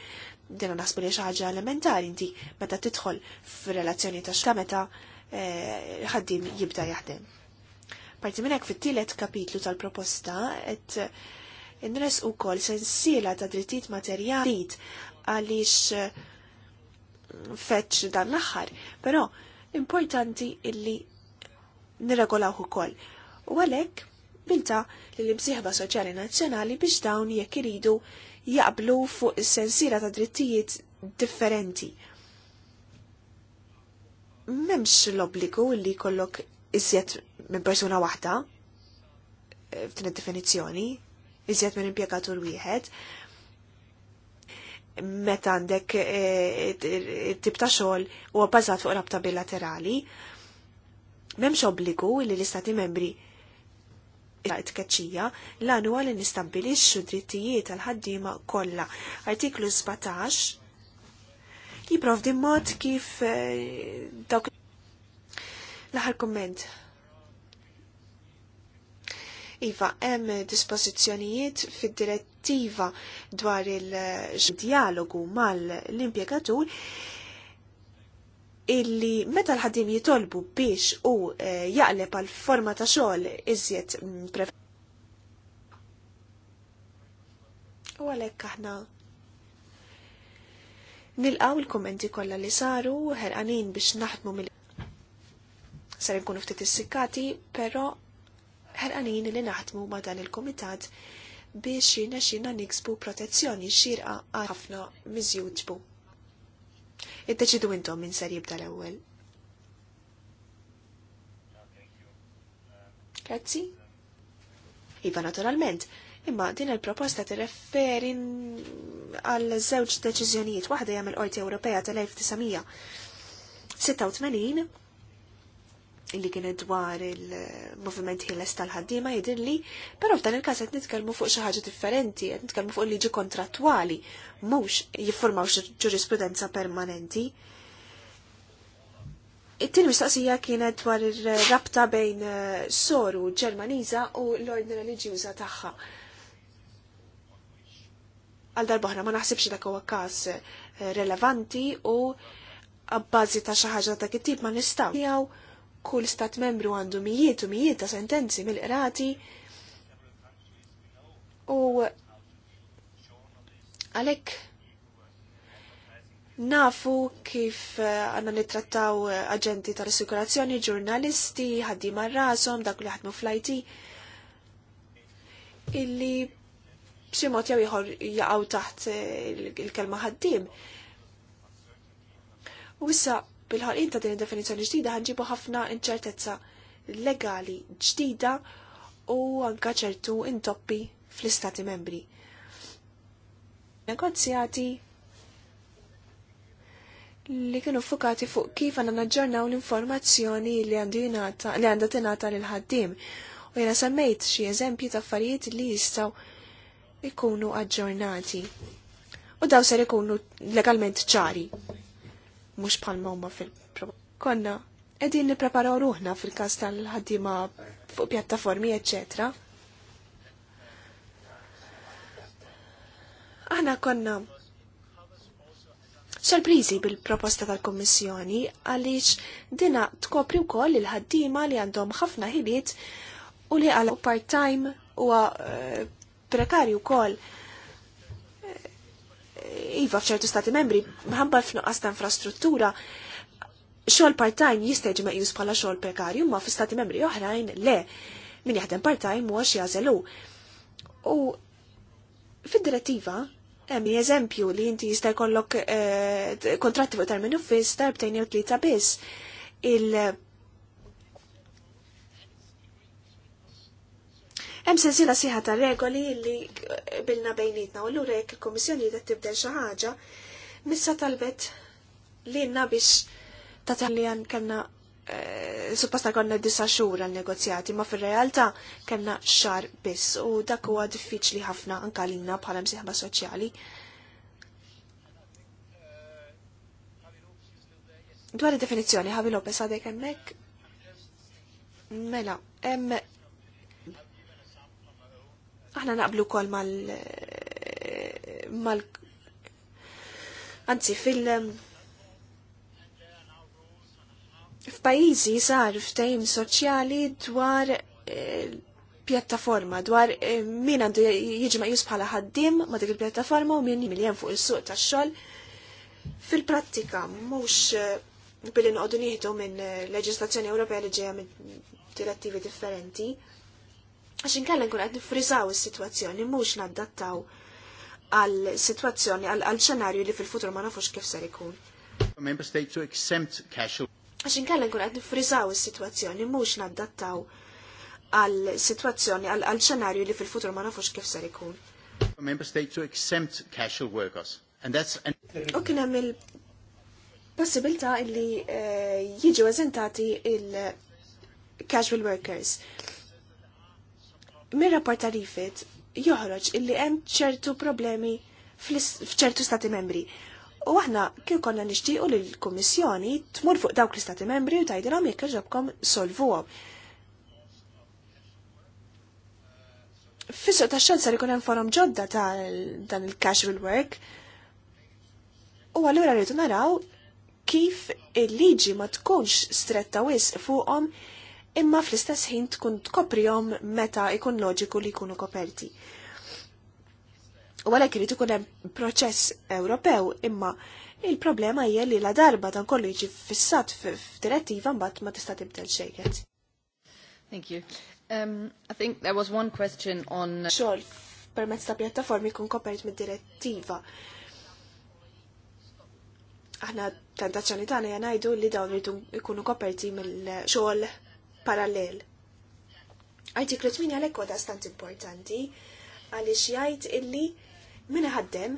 dina nasbu li xaħġa elementari inti meta tidħol f'relazzjoni ta' xta' meta ħaddim jibda jaħdem. Parti minn hekk fit-tielet kapitlu tal-proposta qed inres ukoll sensiela ta' drittijiet materjali għaliex eh, feċ dan l-aħħar, però importanti illi nirregolaw ukoll. U għalhekk bilta li l-imsieħba soċjali nazzjonali biex dawn jekk iridu jaqblu fuq is-sensiela ta' drittijiet differenti memx l-obbligu li kollok iżjed minn persuna waħda eh, f'din id-definizzjoni, iżjed minn impjegatur wieħed. Meta għandek eh, tip ta' xogħol huwa bbażat fuq rabta bilaterali, m'hemmx obbligu li l-istati membri it-tkeċċija l-għanu li nistabilixxu drittijiet tal-ħaddiema kollha. Artiklu 17 jiprovdi mod kif eh, dawk l-aħħar komment Iva, hemm dispożizzjonijiet fid-direttiva dwar il-dialogu mal-impjegatur illi meta l-ħadim jitolbu biex u eh, jaqleb għal forma ta' xogħol iżjed mm, pref. U għalhekk aħna nilqaw il-kommenti kollha li saru ħerqanin biex naħdmu mill ser nkunu ftit issikkati, però ħerqanin li naħdmu ma' dan il-Kumitat biex jina xina niksbu protezzjoni xirqa għal ħafna miżjutbu. Iddeċidu intom minn ser jibda l-ewwel. Grazzi. Iva naturalment, imma din il-proposta tirreferi għal żewġ deċiżjonijiet waħda jagħmel Qorti Ewropea tal-1986 Illi kienet dwar il-moviment ħieles tal-ħaddima jidir li, pero f'dan il-kas qed nitkellmu fuq xi ħaġa differenti, qed nitkellmu fuq liġi kontrattwali, mhux jiffurmaw ġurisprudenza permanenti. It-tieni mistaqsija kienet dwar ir-rabta bejn eh, soru Ġermaniża u l-ordni reliġjuża tagħha. Għal darbohra ma naħsibx dak huwa każ eh, rilevanti u għabbażi ta' xi ħaġa ta' kittib ma nistgħu kull stat membru għandu mijiet u mijiet ta' sentenzi mill-qrati u għalek nafu kif eh, għanna nittrattaw eh, aġenti tal-assikurazzjoni, ġurnalisti, ħaddi marrasom, dak li ħadmu flajti, illi bximot jew jħor jaqaw taħt eh, il-kelma ħaddim. U issa bil ħalqin ta' din id-definizzjoni ġdida ħanġibu ħafna inċertezza legali ġdida u anka ċertu intoppi fl-istati membri. Negozjati li kienu fukati fuq kif għanna naġġornaw l-informazzjoni li għandha tingħata l ħaddim u jena semmejt xi eżempji ta' affarijiet li jistgħu ikunu aġġornati. U daw ser ikunu legalment ċari mhux pal huma fil Konna qegħdin nippreparaw ruħna fil-każ tal-ħaddiema fuq pjattaformi, ecc. Aħna konna sorprizi bil-proposta tal-Kommissjoni għaliex dina tkopri wkoll il-ħaddiema li għandhom ħafna ħibiet u li għal part-time u eh, prekarju wkoll iva f'ċertu stati membri, mħabba f'nuqqas ta' infrastruttura, xogħol part-time jista' jiġi meqjus bħala xogħol prekarju, ma f'stati stati membri oħrajn le, min jaħdem part-time mhuwax jazelu. U fid-direttiva hemm eżempju li inti jista' jkollok eh, kontratti fuq terminu uffis, darbtejn jew tlieta biss il Hemm sensiela siħa ta' regoli li bilna bejnietna u allura jekk il-Kummissjoni qed tibdel xi ħaġa, missa talbet lilna biex ta' li għan kellna eh, supposta konna disa xhur għal negozjati, ma fir-realtà kellna xar biss u dak huwa diffiċli ħafna anke lilna bħala msieħba soċjali. Dwar id-definizzjoni, ħabi Lopez għadek hemmhekk? Mela, hemm Aħna naqblu kol mal mal anzi fil f'pajjiżi sar ftehim soċjali dwar eh, pjattaforma dwar eh, min għandu jiġi maqjus bħala ħaddim ma dik il-pjattaforma u min jimiljen fuq il-suq tax-xogħol. Fil-prattika mhux eh, bilin nqogħdu nieħdu minn leġislazzjoni Ewropea li ġejja minn direttivi differenti. Għax inkella nkun qed nifrizaw il-situazzjoni, mux naddattaw għal situazzjoni għal ċenarju li fil-futur ma nafux kif ser ikun. Member state to exempt cash. Għax inkella nkun qed nifriżaw is-sitwazzjoni mhux naddattaw għal situazzjoni għal ċenarju li fil-futur ma nafux kif ser ikun. Member state to exempt casual workers. And that's an... U kien hemm il-possibilità illi eh, jiġu eżentati il-casual workers mir-rapport ta' rifit joħroġ illi hemm ċertu problemi f'ċertu stati membri. U aħna kien konna nixtiequ li l-Kummissjoni tmur fuq dawk l-Istati membri u tgħidilhom jekk irġobkom solvuhom. Fissuq ta' xogħol sar ikun hemm forum ġodda ta' dan il-casual work. U allura rridu naraw kif il-liġi ma tkunx stretta wisq fuqhom imma fl-istess ħin tkun tkoprihom meta ikun loġiku li jkunu koperti. U għalhekk irid ikun hemm proċess Ewropew imma il-problema hija li la darba dan kollu jiġi fissat f'direttiva mbagħad ma tista' tibdel xejn. Thank you. Um, I think there was one question on... Xol, permezz ta' pjattaformi kun kopert mid-direttiva. Aħna tentazzjoni tagħna ja ngħidu li dawn rridu jkunu koperti mill-xogħol parallel. Artiklu 8 għalek għoda stant importanti għaliex jgħid illi minna ħaddem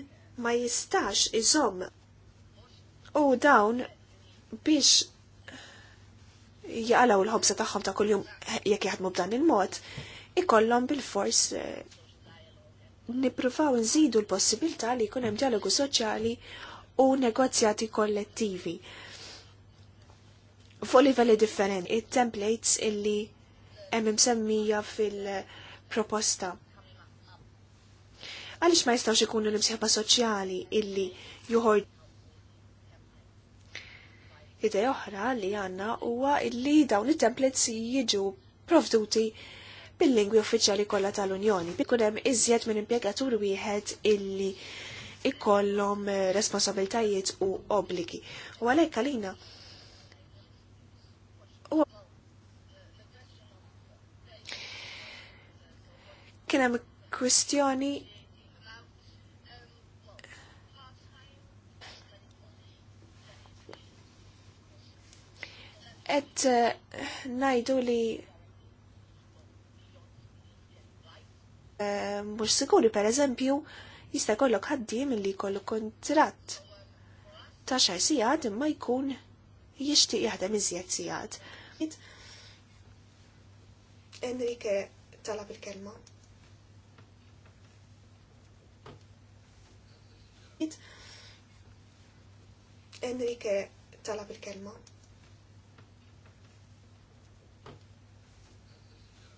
ma jistax iżomm u dawn biex jgħalaw l-ħobsa tagħhom ta' kuljum jekk jaħdmu b'dan il-mod, ikollhom bil-fors eh, nippruvaw nżidu l-possibilità li jkun hemm dialogu soċjali u negozjati kollettivi fuq livelli differenti, il-templates illi hemm msemmija fil-proposta. Għaliex ma jistgħux ikunu l-imsieħba soċjali illi juħor Idea oħra li għanna huwa illi dawn il templates jiġu provduti bil-lingwi uffiċjali kollha tal-Unjoni. Bikun hemm iżjed minn impjegatur wieħed illi ikollhom eh, responsabiltajiet u obbligi. U għalhekk għalina Kien hemm kwistjoni et eh, najdu li eh, mux sikuri per eżempju jista kollok ħaddim li kollu kontrat ta' xar sijad imma jkun jishtiq jaħdem iżjed sijad. Enrique talab il-kelma. Enrique talab il-kelma.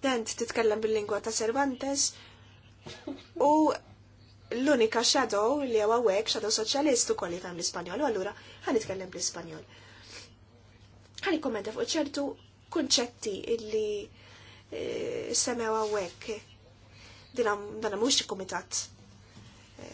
Dent titkellem bil-lingwa ta' Cervantes u l-unika shadow li għaw wek, shadow soċjalistu li tam l-Ispanjol, u għallura għan itkellem bl-Ispanjol. Għan ikkommenta fuq ċertu kunċetti illi eh, semewa wek għawek. Dina mux komitat eh,